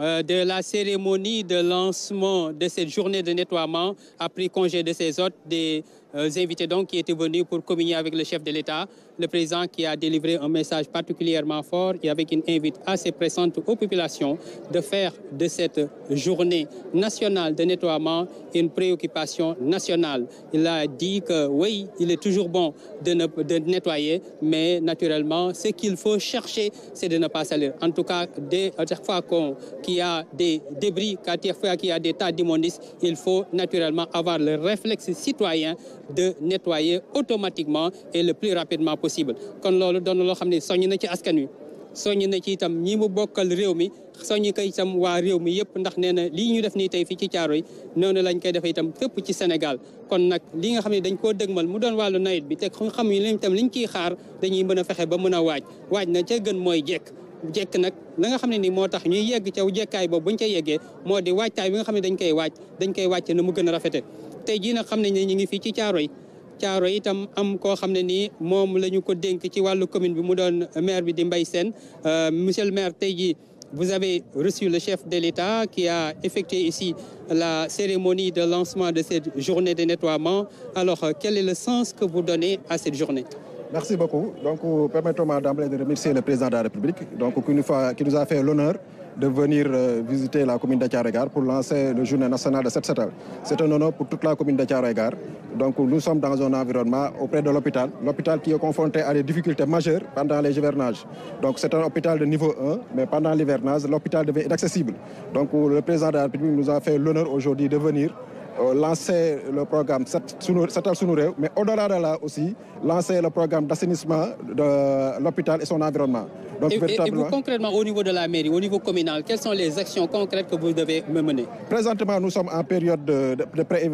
Euh, de la cérémonie de lancement de cette journée de nettoiement a pris congé de ses hôtes, des euh, invités donc qui étaient venus pour communier avec le chef de l'État le président qui a délivré un message particulièrement fort et avec une invite assez pressante aux populations de faire de cette journée nationale de nettoiement une préoccupation nationale. Il a dit que il est toujours bon de, ne, de nettoyer, mais naturellement, ce qu'il faut chercher, c'est de ne pas salir. En tout cas, dès, à chaque fois qu'il y a des débris, à qu'il y a des tas d'immondices, il faut naturellement avoir le réflexe citoyen de nettoyer automatiquement possible kon loolu doon na loo xam ne soññ na ci askan wi soññ na ci itam ñi mu bokkal réew mi soññ ko itam waa réew mi yëpp ndax nee na lii ñu def nii tey fii ci Caaroy noonu lañ koy defee itam fépp ci Sénégal kon nag li nga xam ne dañ koo dëgmal mu doon wàllu nawet bi te xam ñu leen itam liñ ciy xaar dañuy mën a fexe ba mën a waaj waaj na ca gën mooy jekk jekk nag la nga xam ne nii moo tax ñuy yegg ca jekkaay boobu buñ ca yeggee moo di waajtaay bi nga xam ne dañ koy waaj dañ koy wàcc na mu gën a rafete tey jii nag xam ne ñu ngi fii ci Caaroy caaro itam am koo xam ne nii moom la ñu ko dénk ci wàllu commune bi mu doon maire bi di mbay Sène euh, monsieur le maire tey jii vous avez reçu le chef de l'État qui a effectué ici la cérémonie de lancement de cette journée de nettoiement alors euh, quel est le sens que vous donnez à cette journée donc qui nous a fait l'honneur de venir euh, visiter la commune de Thiarégar pour lancer le journée nationale de Set Setal. C'est un honneur pour toute la commune de Thiarégar. Donc nous sommes dans un environnement auprès de l'hôpital, l'hôpital qui est confronté à des difficultés majeures pendant les hivernages. Donc c'est un hôpital de niveau 1, mais pendant l'hivernage, l'hôpital devait être accessible. Donc le président de la nous a fait l'honneur aujourd'hui de Euh, lancer le programme set sunu sunu réew mais au-delà de là aussi lancer le programme d'assainissement de l'hôpital et son environnement. donc et, au niveau de la mairie au niveau communal quelles sont les actions concrètes que vous devez mener. présentement nous sommes en période de de, de pré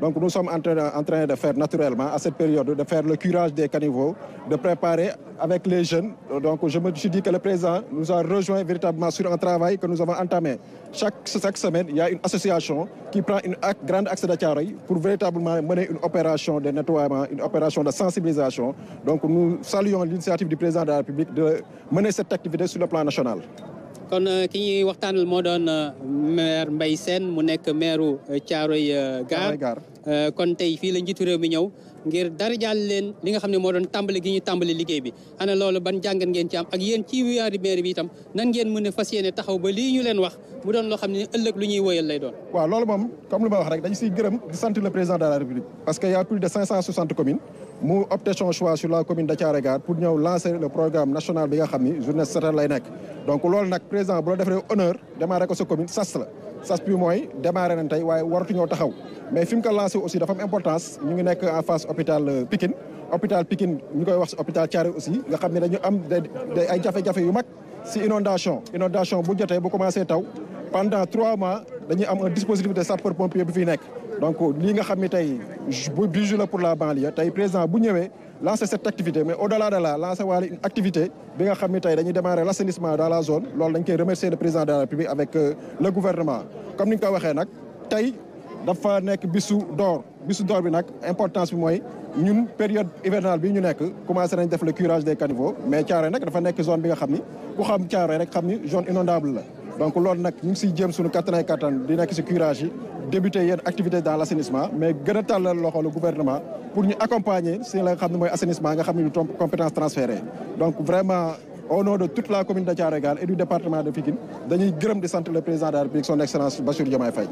Donc nous sommes en train, en train, de faire naturellement à cette période, de faire le curage des caniveaux, de préparer avec les jeunes. Donc je me suis dit que le président nous a rejoint véritablement sur un travail que nous avons entamé. Chaque, chaque semaine, il y a une association qui prend une grande axe d'Atiaroy pour véritablement mener une opération de nettoiement, une opération de sensibilisation. Donc nous saluons l'initiative du président de la République de mener cette activité sur le plan national. kon euh, ki ñuy waxtaanal moo doon euh, maire mbay seen mu nekk maireu euh, Thiaroye Gare kon tey fii la njiitu réew mi ñëw ngir dara jàll leen li nga xam ne moo doon tàmbali gi ñu tàmbali liggéey bi ana loolu ban jàngat ngeen ci am ak yéen ci wiyaari maire bi itam nan ngeen mën a fas yéene taxaw ba lii ñu leen wax mu doon loo xam ne ëllëg lu ñuy woyal lay doon waaw loolu moom comme lu ma wax rek dañ siy gërëm di sant le président de république parce que y a plus mu opté son choix sur la commune de Thiaroye-Gare pour ñëw lancer le programme national bi nga xam ni journée céréale nekk donc loolu nag président bu la defaree honneur démarré ko sa commune sas la sas bi mooy démarré nañ tey waaye waratuñoo taxaw mais fi mu aussi dafa am importance ñu ngi nekk en face hôpital euh, Pikine hôpital Pikine ñu koy wax si hôpital Thiaroye aussi nga xam ne dañu am ay jafe-jafe yu mag si inondation inondation bu jotee bu commencé taw pendant trois mois dañuy am un dispositif de sapeur pompier bi donc lii nga xam ne tey bijou la pour la banlieue tey président bu ñëwee lancer cette activité mais au delà de là lancer waale activité bi nga xam ne tey dañuy la l' assainissement dans la zone loolu dañ koy remercier le président de la République avec euh, le gouvernement comme ni nga ko waxee nag tey dafa nekk bisu d'or bisu d'or bi nag importance bi mooy ñun période hivernale bi ñu nekk commencé nañ def le curage des caniveaux mais Thiaroye nag dafa nekk zone bi nga xam ni ku xam Thiaroye rek xam ni zone inondable la donc loolu nag ñu ngi siy jéem suñu kattan ay kattan di nekk si curage yi débuté yenn activité dans l' assainissement mais gën a tàllal loxo le gouvernement pour ñu accompagner si la xam ne mooy assainissement nga xam ne compétence transférée donc vraiment au nom de toute la commune de Thiaroye-Gare et du département de Pikine dañuy gërëm de la République son excellence Bassirou Diomaye Faye.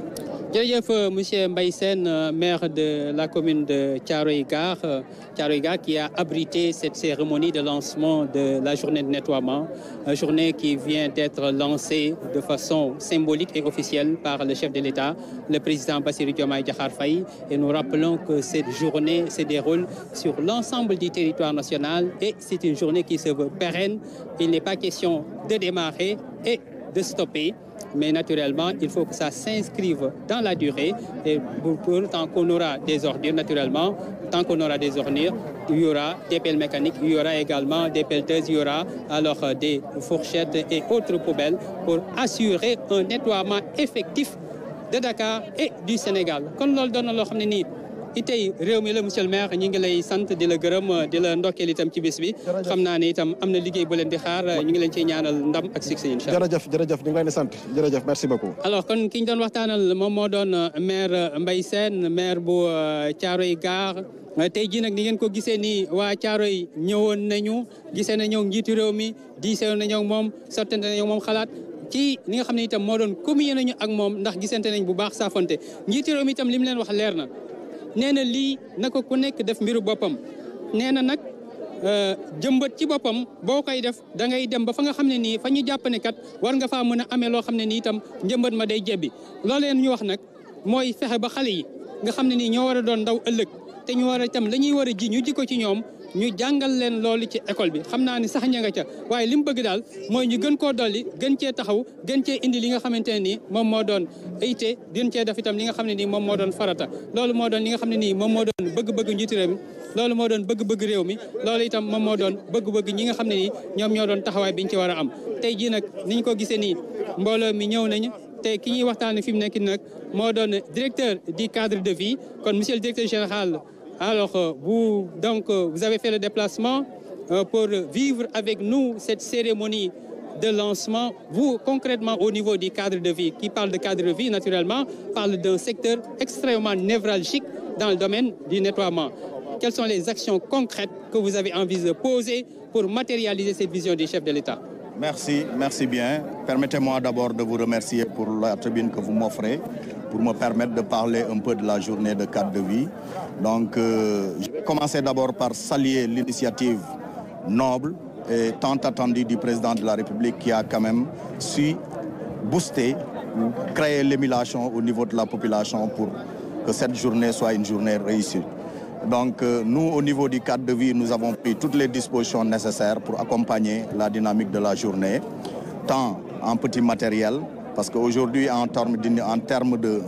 jërëjëf euh, monsieur Mbaye Sène euh, maire de la commune de Thiaroye-Gare euh, Thiaroye-Gare qui a abrité cette cérémonie de lancement de la journée de nettoiement journée qui vient d'être lancée de façon symbolique et officielle par le chef de l'État le président Bassirou Diomaye Diakhar Faye et nous rappelons que cette journée se déroule sur l'ensemble du territoire il n'est pas question de démarrer et de stopper. Mais naturellement, il faut que ça s'inscrive dans la durée. Et pour, pour tant qu'on aura des ordures, naturellement, tant qu'on aura des ornures, il y aura des pelles mécaniques, il y aura également des pelleteuses, il y aura alors euh, des fourchettes et autres poubelles pour assurer un nettoiement effectif de Dakar et du Sénégal. Comme nous le itey réew mi la monsieur le maire ñu ngi lay sant di la gërëm di la ndokkeel itam ci bis bi xam naa ni itam am na liggéey bu leen di xaar ñu ngi leen ciy ñaanal ndam ak succès incha allah jërëjëf jërëjëf ñu ngi leen di sant jërëjëf merci ki ñu doon waxtaanal moom moo doon euh, maire euh, Mbaye Sène maire bu euh, Thiaroye Gare tey jii nag ni ngeen ko gisee nii waa Thiaroye ñëwoon nañu gisee nañu njiitu réew mi diisee nañu moom sottante nañu moom xalaat ci ni nga xam ne itam moo doon communier nañu ak moom ndax gisante nañ bu baax saafonte njiitu réew mi itam li mu leen wax leer na nee lii na ko ku nekk def mbiru boppam nee na nag euh, jëmbat ci boppam boo koy def da ngay dem ba fa nga xam ne nii fa ñu jàpp ne war nga faa mën a amee loo xam ne nii itam njëmbat ma day jebbi loolee ñu wax nag mooy fexe ba xale yi nga xam ne nii ñoo war a doon ndaw ëllëg te ñu war a itam la ñuy war a ji ñu ji ko ci ñoom ñu jàngal leen loolu ci école bi xam naa ni sax ña nga ca waaye li mu bëgg daal mooy ñu gën koo dolli gën cee taxaw gën cee indi li nga xamante ne nii moom moo doon ayite gën cee def itam li nga xam ne nii moom moo doon farata loolu moo doon li nga xam ne ni moom moo doon bëgg-bëgg njiit réew mi moo doon bëgg-bëgg réew mi loolu itam moom moo doon bëgg-bëgg ñi nga xam ne ni ñoom ñoo doon taxawaay biñ ci war am tey jii nag ni ñu ko gisee ni mbooloo mi ñëw nañu te ki ñuy waxtaane fi mu nekk nag moo doon directeur di cadre de vie kon monsieur le directeur général Alors, euh, vous, donc, euh, vous avez fait le déplacement euh, pour vivre avec nous cette cérémonie de lancement. Vous, concrètement, au niveau du cadre de vie, qui parle de cadre de vie, naturellement, parle d'un secteur extrêmement névralgique dans le domaine du nettoiement. Quelles sont les actions concrètes que vous avez envie de poser pour matérialiser cette vision du chef de l'État Merci, merci bien. Permettez-moi d'abord de vous remercier pour la tribune que vous m'offrez, pour me permettre de parler un peu la journée de cadre de Donc, euh, je vais commencer d'abord par saluer l'initiative noble et tant attendue du président de la République qui a quand même su booster ou créer l'émulation au niveau de la population pour que cette journée soit une journée réussie. Donc, euh, nous, au niveau du cadre de vie, nous avons pris toutes les dispositions nécessaires pour accompagner la dynamique de la journée, temps en petit matériel, parce qu'aujourd'hui, en termes de, en terme de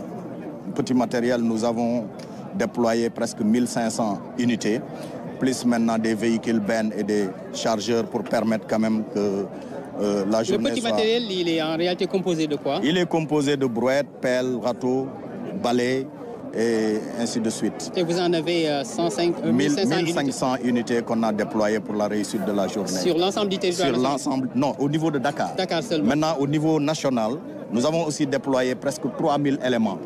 petit matériel, nous avons déployé presque 1500 unités, plus maintenant des véhicules bennes et des chargeurs pour permettre quand même que euh, la journée Le petit soit... matériel, il est en réalité composé de quoi Il est composé et ainsi de suite. Et vous en avez euh, euh, unités, qu'on a déployées pour la réussite de la journée. Sur l'ensemble du territoire Sur l'ensemble, non, au niveau de Dakar. Dakar seulement. Maintenant, au niveau national, nous avons aussi déployé presque 3000 éléments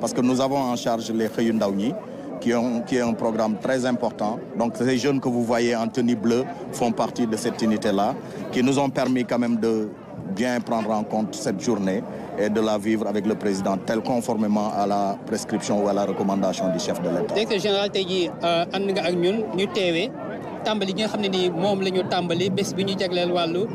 parce que nous avons en charge les Xëyu Ndaw ñi qui ont qui est un programme très important. Donc ces jeunes que vous voyez en tenue bleue font partie de cette unité-là qui nous ont permis quand même de bien prendre en compte cette journée et de la vivre avec le président tel conformément à la prescription ou à la recommandation du chef de l'État. Directeur général tey jii euh, ànd nga ak ñun ñu teewee tàmbali gi nga xam ne nii moom la ñu tàmbali bés bi ñu jagleel wàllu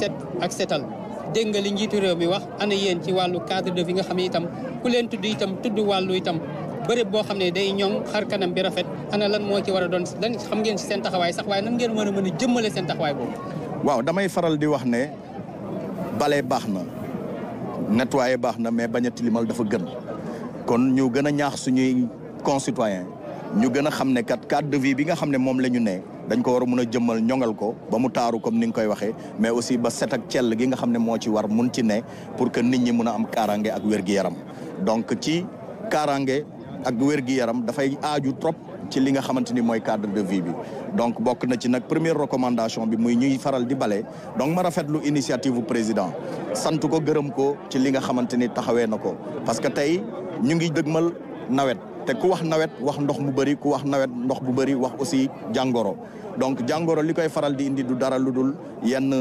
set ak setal. dégg nga li njiitu réew mi wax ana yéen ci wàllu cadre de vie nga xam ne itam ku leen tudd itam tudd wàllu itam bërëb boo xam ne day ñoŋ xar kanam bi rafet ana lan moo ci war a doon lan xam ngeen si seen taxawaay sax waaye nan ngeen mën a mën a jëmmale seen taxawaay boobu. waaw damay faral di wax ne bale baax na nettoyer baax na mais bañ a tilimal dafa gën kon ñu gën a ñaax suñuy concitoyens ñu gën a xam ne kat cadre de bi nga xam ne moom la ñu ne. dañ ko war a mun a jëmmal ñongal ko ba mu taaru comme ni nga koy waxee mais aussi ba setak ak cell gi nga xam ne moo ci war mun ci ne pour que nit ñi mun a am kaaraange ak wér-gi-yaram donc ci kaaraange ak wér-gi-yaram dafay aaju trop ci li nga xamante ni mooy cadre de vie bi donc bokk na ci nag première recommandation bi muy ñuy faral di bale donc ma rafetlu initiative bu président santu ko gërëm ko ci li nga xamante ni taxawee na ko parce que tey ñu ngi dëgmal nawet te ku wax nawet wax ndox mu bëri ku wax nawet ndox bu bëri wax aussi jàngoro donc jàngoro li koy faral di indi du dara lu dul yenn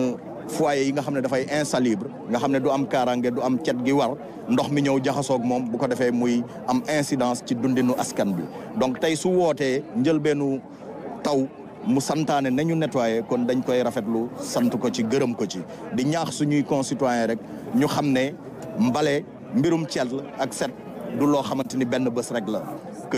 foyer yi nga xam ne dafay insalubre nga xam ne du am kaaraange du am cet gi war ndox mi ñëw jaxasoog moom bu ko defee muy am incidence ci dundinu askan bi donc tey su wootee njëlbeenu taw mu santaane ñu nettoyé kon dañ koy rafetlu sant ko ci gërëm ko ci di ñaax suñuy concitoyen rek ñu xam ne mbale mbirum cet ak set du loo xamante ni benn bés rek la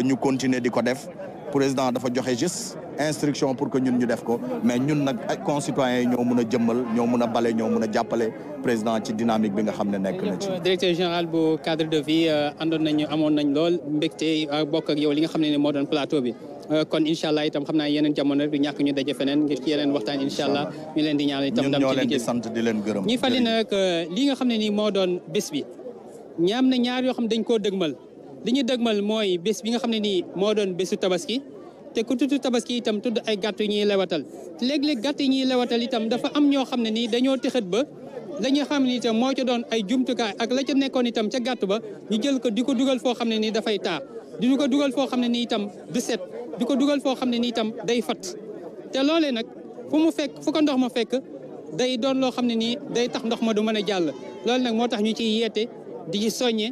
ñu continuer di ko def président dafa joxe juste instruction pour que ñun ñu def ko mais ñun nag ay concitoyens yi ñoo mën a jëmmal ñoo mën a bale ñoo mën a jàppale président ci dynamique bi nga xam ne nekk na ci. directeur général bu cadre de vie euh, àndoon nañu amoon nañ lool mbégte euh, bokk ak li nga xam ne ni moo doon plateau euh, kon incha allah itam xam na yeneen jamono rek du ñàkk ñu daje feneen ngir ci yeneen waxtaan incha leen di ñaanal itam. ndam di leen gërëm. ñi fali nag li nga xam ne ni moo doon bis bi. ñaam na ñaar yoo xam ne dañ koo dëgmal li ñu dëgmal mooy bés bi nga xam ne nii moo doon bésu tabaski te ku tudd tabaski itam tudd ay gàtt yu ñuy lewatal léeg-léeg gàtt yi ñuy lewatal itam dafa am ñoo xam ne nii dañoo tëxat ba la xam ne itam moo ca doon ay jumtukaay ak la ca nekkoon itam ca gàtt ba ñu jël ko di ko dugal foo xam ne nii dafay taa di ko dugal foo xam ne nii itam du set di ko dugal foo xam ne nii itam day fat te loolee nag fu mu fekk fu ndox ma fekk day doon loo xam ne nii day tax ndox ma du mën a jàll loolu nag moo tax ñu ciy yeete di ci soññe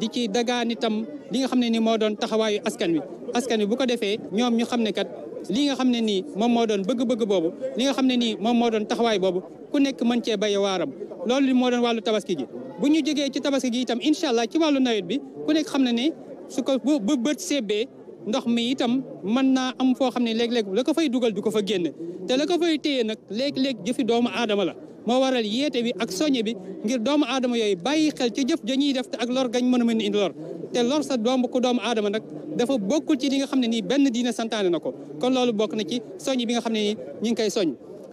di ci dagaan itam li nga xam ne ni moo doon taxawaayu askan wi askan wi bu ko defee ñoom ñu xam ne kat li nga xam ne nii moom moo doon bëgg-bëgg boobu li nga xam ne ni moom moo doon taxawaay boobu ku nekk mën cee baye waaram loolu moo doon wàllu tabaski gi bu ñu jógee ci tabaski gi itam incha allah ci wàllu nawet bi ku nekk xam ne ni su ko bu bët sebbee ndox mi itam mën naa am foo xam ne léeg-léeg la ko fay dugal du ko fa génn te ko fay téye nag léeg-léeg jëfi doomu aadama la moo waral yéete bi ak soñe bi ngir doomu aadama yooyu bàyyi xel ci jëf dañuy def ak lor gañ mën a mën indi lor te lor sa doom ku doomu aadama nag defa bokkul ci li nga xam ne nii benn diina santaane na ko kon loolu bokk na ci soññ bi nga xam ne nii ñu ngi koy soññ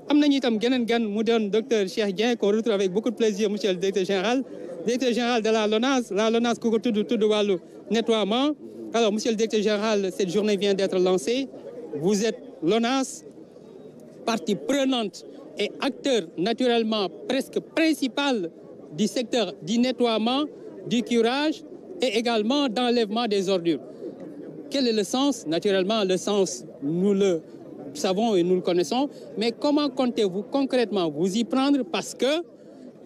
am nañu itam geneen gan mu doon docteur Cheikh Dieng qu'on retrouve avec beaucoup de plaisir monsieur le directeur général directeur général la LONASE ku ko tudd tudd wàllu nettoiement alors monsieur le directeur général cette journée vient d'être lancée vous êtes LONASE et acteur naturellement presque principal du secteur du nettoiement, du curage et également d'enlèvement des ordures. Quel est le sens Naturellement, le sens, nous le savons et nous le connaissons, mais comment comptez-vous concrètement vous y prendre parce que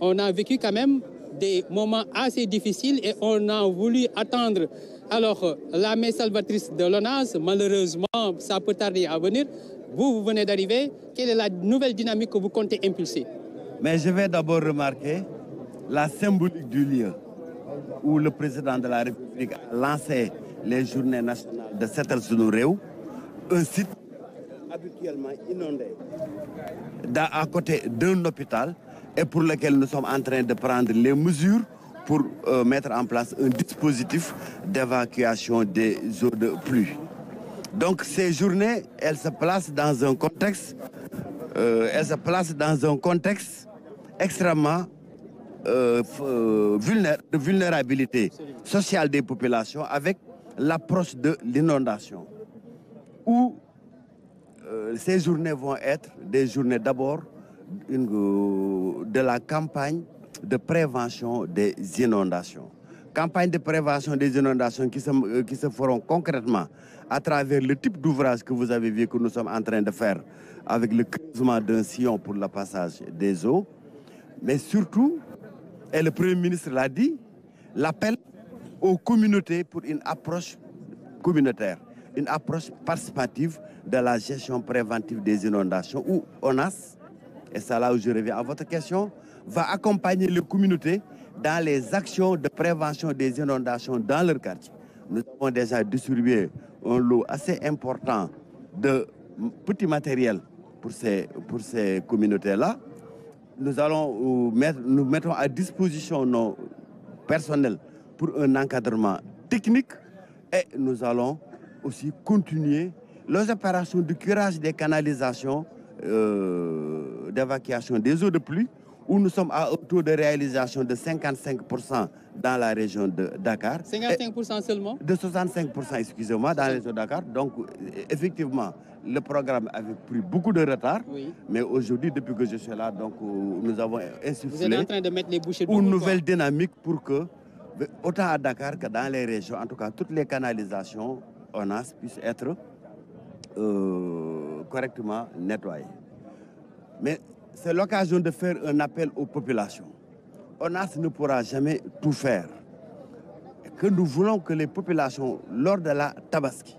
on a vécu quand même des moments assez difficiles et on a voulu attendre. Alors, euh, la main salvatrice de l'ONAS, malheureusement, ça peut tarder à venir, Vous, vous venez d'arriver. Quelle est la nouvelle dynamique que vous comptez impulser Mais je vais d'abord remarquer la symbolique du lieu où le président de la République a lancé les journées nationales de Setal Sunu Réew, un site habituellement inondé à côté d'un hôpital et pour lequel nous sommes en train de prendre les mesures pour euh, mettre en place un dispositif d'évacuation des eaux de pluie. Donc ces journées, elles se placent dans un contexte, euh, dans un contexte extrêmement euh, euh vulné de vulnérabilité sociale des populations avec l'approche de l'inondation, où euh, ces journées vont être des journées d'abord euh, de la campagne de prévention des inondations. Campagne de prévention des inondations qui se, euh, qui se feront concrètement à travers le type d'ouvrage que vous avez vu que nous sommes en train de faire avec le creusement d'un sillon pour le passage des eaux. Mais surtout, et le Premier ministre l'a dit, l'appel aux communautés pour une approche communautaire, une approche participative de la gestion préventive des inondations où ONAS, et c'est là où je reviens à votre question, va accompagner les communautés dans les actions de prévention des inondations dans leur quartier. Nous avons déjà un lot assez important de petits matériels pour ces, pour ces communautés-là. Nous allons euh, mettre, nous à disposition nos personnels pour un encadrement technique et nous allons aussi continuer les opérations de curage des canalisations, euh, d'évacuation des eaux de pluie où nous sommes de réalisation de 55 pour cent dans la région de Dakar. 55 pour cent seulement. de 65 pour cent excusez-moi dans e, le programme avait pris beaucoup de mais aujourd'hui depuis euh, de mettre les bouchées doubles pour que autant à Dakar dans les régions en tout cas toutes les canalisations ONAS puissent être euh, c'est l'occasion de faire un appel aux populations. ONAS ne pourra jamais tout faire. que nous voulons que les populations, lors de la Tabaski,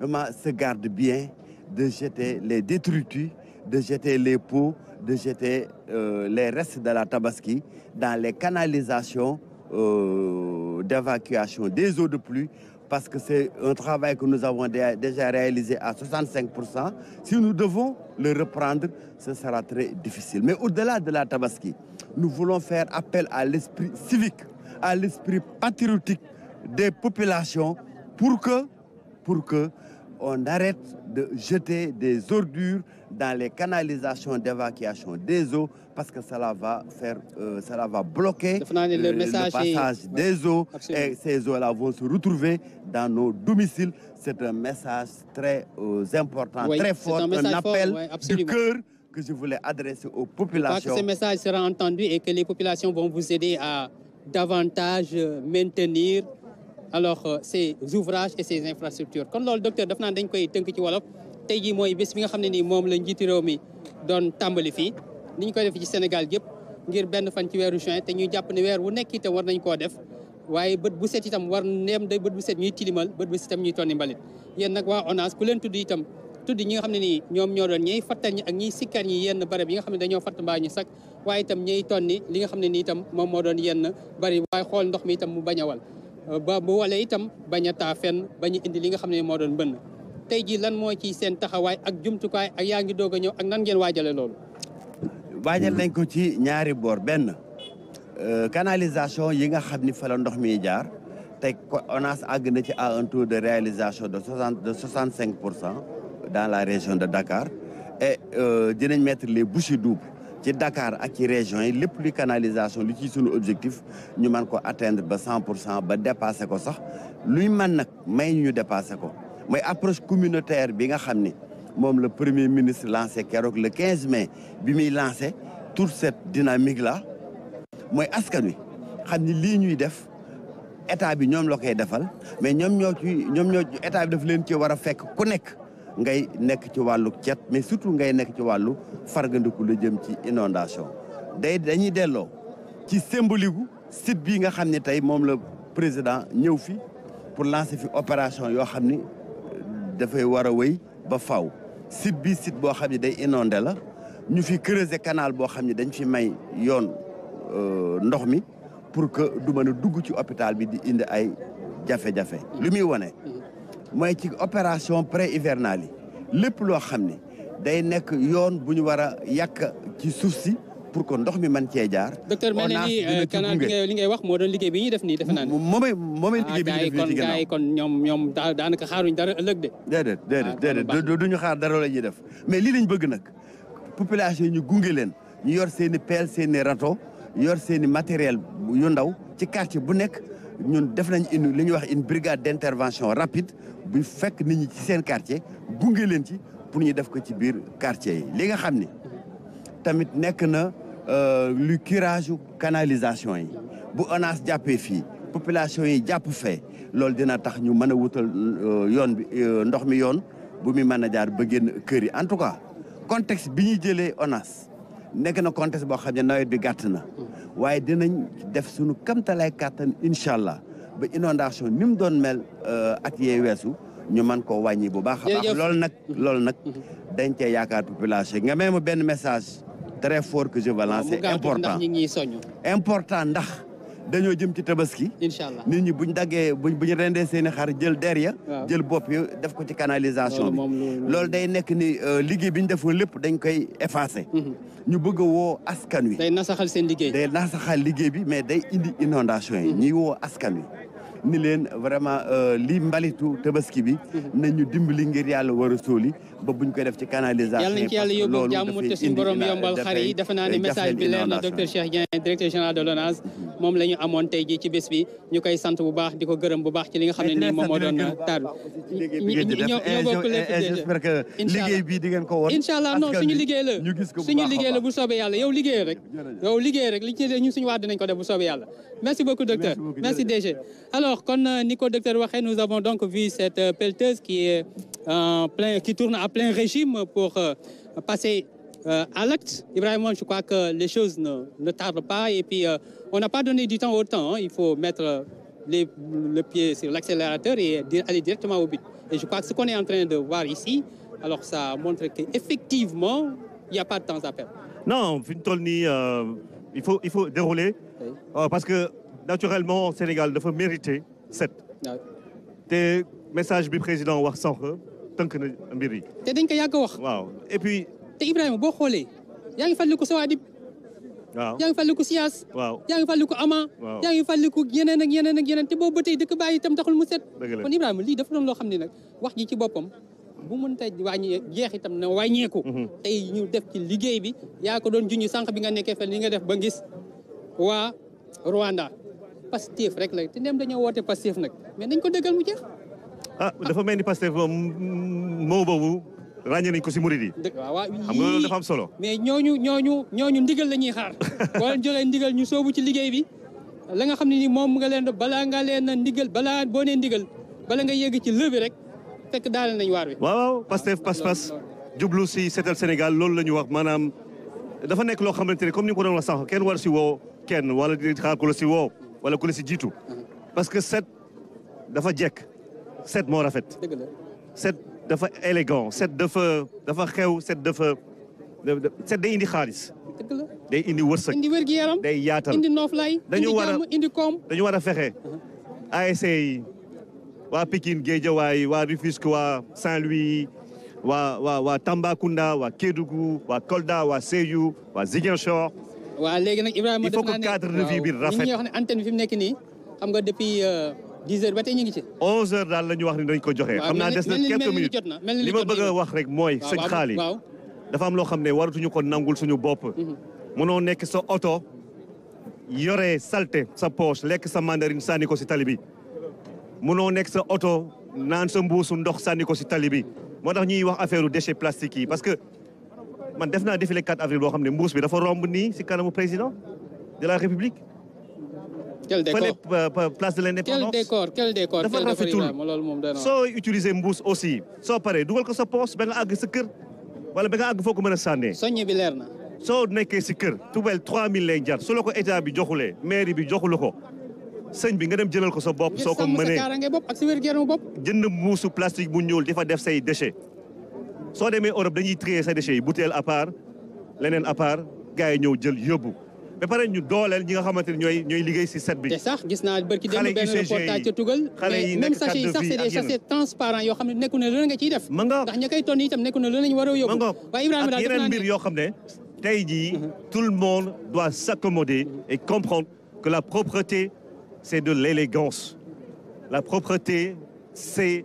se garde bien de jeter les détritus, de jeter les pots, de jeter euh, les restes de la Tabaski dans les canalisations euh, d'évacuation des eaux de pluie parce que c'est un travail que nous avons déjà réalisé à 65%. Si nous devons le reprendre, ce sera très difficile. Mais au-delà de la Tabaski, nous voulons faire à l'esprit civique, à des populations pour pour que de jeter des ordures dans les canalisations d'évacuation des eaux parce que cela va faire euh, cela va bloquer le, le, le passage est... des eaux et ces eaux-là vont se retrouver dans nos domiciles c'est un message très euh, important oui, un, appel du cœur que je voulais adresser aux populations. Pas que ce message sera entendu et que les populations vont vous aider à davantage euh, maintenir alors euh, ces ouvrage et ces infrastructures kon loolu docteur daf naa dañ koy tënk ci wolof te ji mooy bés bi nga xam ne nii moom la njiiti réew mi doon tàmbali fii ni ñu koy def ci Sénégal yëpp ngir benn fan ci weeru juin te ñuy jàpp ne weer wu nekk itam nañ koo def waaye bët bu set itam war neem day bët bu set ñuy tilimal bët bu set itam ñuy tonni mbalit yéen nag waa ONAS ku leen itam tudd ñi nga xam ne nii ñoom ñoo doon ñiy fattal ñi ak ñiy sikkar ñi yenn barab yi nga xam ne dañoo fatt mbaa ñu sax waaye itam ñiy tonni li nga xam ne nii moom moo doon yenn bari waaye xool ndox mi itam mu bañ wal Euh, ba bu wala itam bañ a taa fenn bañ a indi li nga xam ne moo doon bënn tey jii lan moo ci seen taxawaay ak jumtukaay ak yaa ngi doog a ñëw ak nan ngeen waajale loolu waajal nañ ko ci ñaari boor benn euh, canalisation yi nga xam ni fa ndox mi jaar ko ONAS àgg na ci à un taux de réalisation de soixante de soixante cinq pour cent dans la région de Dakar e dinañ mettre les bouchées doubles ci Dakar ak ci région yi lépp luy canalisation lu ci suñu objectif ñu man ko atteindre ba cent pour cent ba dépassé ko sax luy man nag may ñu dépassé ko mooy approche communautaire bi nga xam ni moom la premier ministre lancé keroog le 15 mai bi muy lancé toute cette dynamique la mooy askan wi xam ni lii ñuy def état bi ñoom la koy defal mais ñoom ñoo ci ñoom ñoo état bi leen ci war a fekk ku nekk ngay nekk ci wàllu cet mais surtout ngay nekk ci wàllu fargandiku la jëm ci inondation day dañuy delloo ci symbolique gu bi nga xam ne tey moom la président ñëw fi pour lancer fi opération yoo xam ni euh, dafay war a wéy ba faw site bi site boo xam ne day inondé la ñu fi creuser canal boo xam ne dañ fi may yoon euh, ndox mi pour que du mën a dugg ci hôpital bi di indi ay jafe-jafe lu muy wane mooy ci opération pré-hivernale yi lépp loo xam ne day nekk yoon bu ñu war a yàq ci suuf si pour que ndox mi man cee jaar. docteur mel na ni canal bi li ngay wax moo doon liggéey bi ñu def nii defe naa ne. moomay moomay liggéey bi ñuy def nii ci ah, gannaaw kon ñoom ñoom daanaka ëllëg de. déedéet déedéet ah, xaar dara la ñuy def mais lii lañ bëgg nag population yi ñu gunge leen ñu yor seen i peel seeni i râteau yor seen i matériel yu ndaw ci quartier bu nekk. ñun def nañ une li ñuy wax une brigade d' intervention rapide bu fekk nit ñi ci seen quartier gunge leen ci pour ñu def ko ci biir quartier yi li nga xam ni tamit nekk na euh, lu curage canalisation yi bu ONAS jàppee fii population yi jàpp fee loolu dina tax ñu mën a wutal euh, yoon bi euh, ndox mi yoon bu muy mën a jaar ba génn kër yi en tout cas contexte bi ñuy jëlee ONAS nekk na contexte boo xam ne nawet bi gàtt na waaye dinañ def sunu kamtalaay kàttan incha allah ba inondation ni mu doon mel euh, ak yee weesu ñu mën ko wàññi bu baax a baax loolu nag loolu nag mm-hmm. dañ cee yaakaar population nga may ma benn message très fort que je vais lancer important important ndax dañoo jëm ci tabaski. incha allah nit ñi bu ñu daggee buñ buñ rendee seen i xar jël der ya jël bopp yi def ko ci canalisation bi loolu day nekk ni euh, liggéey bi ñu defoo lépp dañ koy effacé. Mhm. ñu bëgg a woo askan wi. day nasaxal seen liggéey. day nasaxal liggéey bi mais day indi inondation yi. Mhm. ñuy woo askan wi. ni leen vraiment euh, lii mbalitu tabaski bi mhm. nañu dimbali ngir yàlla war a sóoli ba buñ koy def ci canalisation yàlla nañ ci yàlla yóbbu jàmm te suñu borom yombal xar yi dafa naa ne message bi leer na docteur Cheikh Dieng directeur général de l'ONAS mhm. moom la amoon tey ji ci bés bi ñu koy sant bu baax di ko gërëm bu baax ci li nga xam ne nii moom moo doon taal ñoo bokk lépp j'espère que liggéey bi di ngeen ko woon incha allah non suñu liggéey la suñu liggéey la bu soobee yàlla yow liggéey ko def bu soobee Merci beaucoup, docteur. Merci, beaucoup, Merci DG. Alors, comme euh, Nico Docteur Wahé, nous avons donc vu cette euh, pelleteuse qui, est en euh, plein, qui tourne à plein régime pour passer à l'acte. Ibrahim, je crois que les choses ne, ne tardent pas. Et puis, euh, on n'a pas donné du temps au temps. Hein. Il faut mettre les, le pied sur l'accélérateur et aller directement au but. Et je crois que ce qu'on est en train de voir ici, alors ça montre qu'effectivement, il n'y a pas de temps à Non, Vintolni, il faut il faut dérouler. Euh, parce que naturellement Sénégal dafa mériter set. te message bi président wax sànq tënk na mbir yi. te dañ ko yàgg wax. waaw et puis. te Ibrahima boo xoolee. yaa ngi fàttaliku Sawadib. waaw yaa ngi fàttaliku Sias. waaw yaa ngi fàttaliku Ama. waaw yaa ngi fàttaliku yeneen ak yeneen ak yeneen te boobu ba tey dëkk bàyyi itam taxul mu set. kon Ibrahima lii def doon loo xam ne nag wax ji ci boppam. bu mënta wàññi jeex itam na wàññeeku mhm. tey ñu def ci liggéey bi yaa ko doon junj sànq bi nga nekkee fel li nga def ba gis waa Rwanda Pastef rek la te dem dañoo woote Pastef nag mais nañ ko dëggal mu jeex ah dafa mel ni Pastef moo boobu ràññee nañ ko si murid yi waaw xam nga loolu dafa am solo mais ñooñu ñooñu ñooñu ndigal la ñuy xaar boo leen joxee ndigal ñu soobu ci liggéey bi la nga xam ni moom nga leen balaa nga leen a ndigal balaa boo nee ndigal bala nga yegg ci lëbi rek fekk daale nañ waar wi. waaw waaw Pastef pas jublu si seetal Sénégal loolu la ñu wax maanaam dafa nekk loo xamante ne comme ni nga ko doon wax sànq kenn war si woo kenn wala di xaar ku la si woo wala ku la si jiitu. parce que set dafa jekk set moo rafet. set dafa élégant set dafa dafa xew set dafa set day indi xaalis. day indi wërsëg indi wér-gi-yaram day yaatal indi dañu war a dañu uh-huh. a fexe waa Pikine Guédiawaye waa Rufisque waa Saint-Louis waa waa waa Tambacounda waa Kédougou waa Kolda waa Sédhiou waa Ziguinchor. waaw léegi nag Ibrahima def naa ne il faut que cadre de vie bi rafet. ñuy ne antenne nekk nii xam nga depuis euh, dix heures ñu ngi ci. onze heures daal la ñu wax ni dañ ko joxe. xam naa des na quelques minutes li ma bëgg wax rek mooy. waaw sëñ Xaali dafa am loo xam ne waratuñu ko nangul suñu bopp. Mhm. mënoo nekk sa oto yore salte sa poche lekk sa mandarine sànni ko si tali bi. mënoo nekk sa oto naan sa mbuusu ndox sànni ko si tali bi moo tax ñuy wax affaire déchets plastiques yi parce que man def naa défilé 4 avril boo xam ne mbuus bi dafa romb nii si kanamu président de la république. quel décor fële place de l'indépendance quel décor dafa rafetul soo utiliser mbuus aussi soo paree dugal ko sa poos ba nga àgg sa kër wala ba nga àgg foo ko mën a sànnee. soññi bi leer na. soo nekkee si kër. tubel 3000 lay jar su la ko état bi joxulee mairie bi joxulu ko. sëñ bi nga dem jëlal ko sa bopp soo ko mënee jënd muusu plastique bu ñuul di fa def say déchets soo demee Europe dañuy trier sa déchets yi bouteille à part leneen à part gars yi ñëw jël yóbbu ba pare ñu dooleel ñi nga xamante ne ñooy ñooy liggéey si set bi. te sax gis naa barki dem benn reportage ca Tugal. de vie ak yéen yoo xam ne nekku ne loolu nga ciy def. ma ngoog ndax ton koy tonn itam nekku ne loolu lañ war a yóbbu. ma ak yeneen mbir yoo xam ne tey jii mhm. tout le monde doit s'accommoder et comprendre que la propreté c'est de l'élégance. La propreté, c'est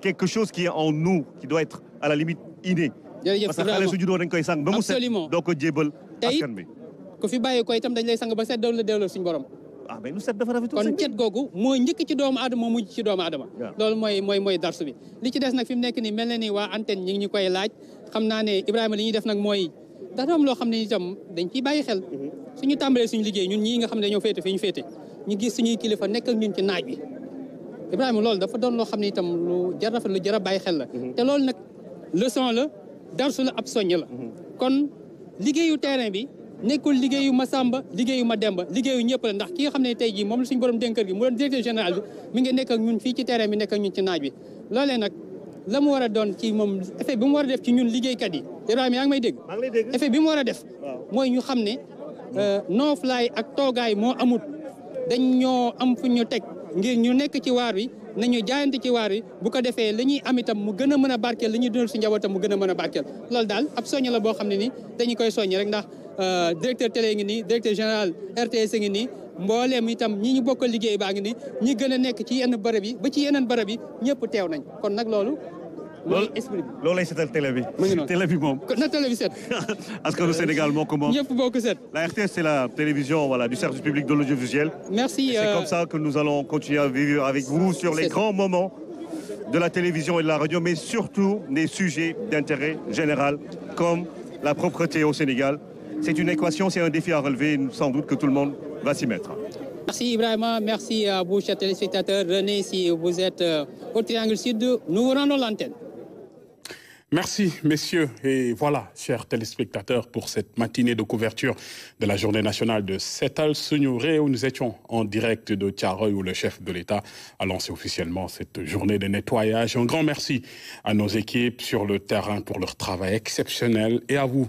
quelque chose qui est en nous, qui doit être à la limite inné. parce que xale su juddoo set doo ko jébal askan ku fi bàyyi ko itam dañ lay sang ba set doon la delloo suñu borom. Ah, kon cet googu moo njëkk ci doomu aadama moo mujj ci doomu aadama loolu mooy mooy mooy bi li ci des nag fi mu nekk nii mel na ni waa antenne ñi ngi ñu koy laaj xam naa ne Ibrahima li ñuy def nag mooy dafa am loo xam ne itam dañ ciy bàyyi xel mm-hmm. suñu tàmbalee suñu liggéey ñun ñii nga xam ne dañoo féete fi ñu ñu gis suñuy kilifa nekk ak ñun ci naaj wi Ibrahima loolu dafa doon loo xam ne itam lu jar rafet lu jar bàyyi xel la. Mhm. te loolu nag leçon la darsu la ab soññ la. Mhm. kon liggéeyu terrain bi nekkul liggéeyu ma Masamba liggéeyu ma Mademba liggéeyu ñëpp la ndax ki nga xam ne tey jii moom la suñu borom dénk kër gi mu doon directeur général bi mi ngi nekk ak ñun fii ci terrain bi nekk ak ñun ci naaj bi. loolee nag la mu war a doon ci moom effet bi mu war a def ci ñun liggéeykat yi Ibrahima yaa ngi may dégg. effet bi mu war a def. mooy ñu xam ne euh, nooflaay ak toogaay moo amut. dañ ñoo am fu ñu teg ngir ñu nekk ci waar wi nañu jaayante ci waar wi bu ko defee li ñuy am itam mu gën a mën a barkeel li ñuy dundal si njabootam mu gën a mën a barkeel loolu daal ab soññ la boo xam ne ni dañu koy soññ rek ndax euh, directeur télé ngi nii directeur général RTS ngi nii mbooleem itam ñi ñu bokk liggéey baa ngi nii ñi gën a nekk ci yenn bërëb yi ba ci yeneen bërëb yi ñëpp teew nañ kon nag loolu loolu loolu lay seetal télé la RTS c'est la télévision voilà du service public de l'audiovisuel. c'est euh, comme ça que nous allons continuer à vivre avec vous sur les grands moments de la télévision et de la radio mais surtout des sujets d'intérêt général comme la propreté au Sénégal. C'est une équation, c'est un défi à relever, sans doute que tout le monde va s'y mettre. Ibrahima, merci à vous, chers téléspectateurs. René, si vous êtes euh, au Triangle Sud, nous vous rendons l'antenne. Merci, messieurs. Et voilà, chers téléspectateurs, pour cette matinée de couverture de la journée nationale de Setal Sunuré, où nous étions en direct de Tiaroy, où le chef de l'État a lancé officiellement cette journée de nettoyage. Un grand merci à nos équipes sur le terrain pour leur travail exceptionnel et à vous,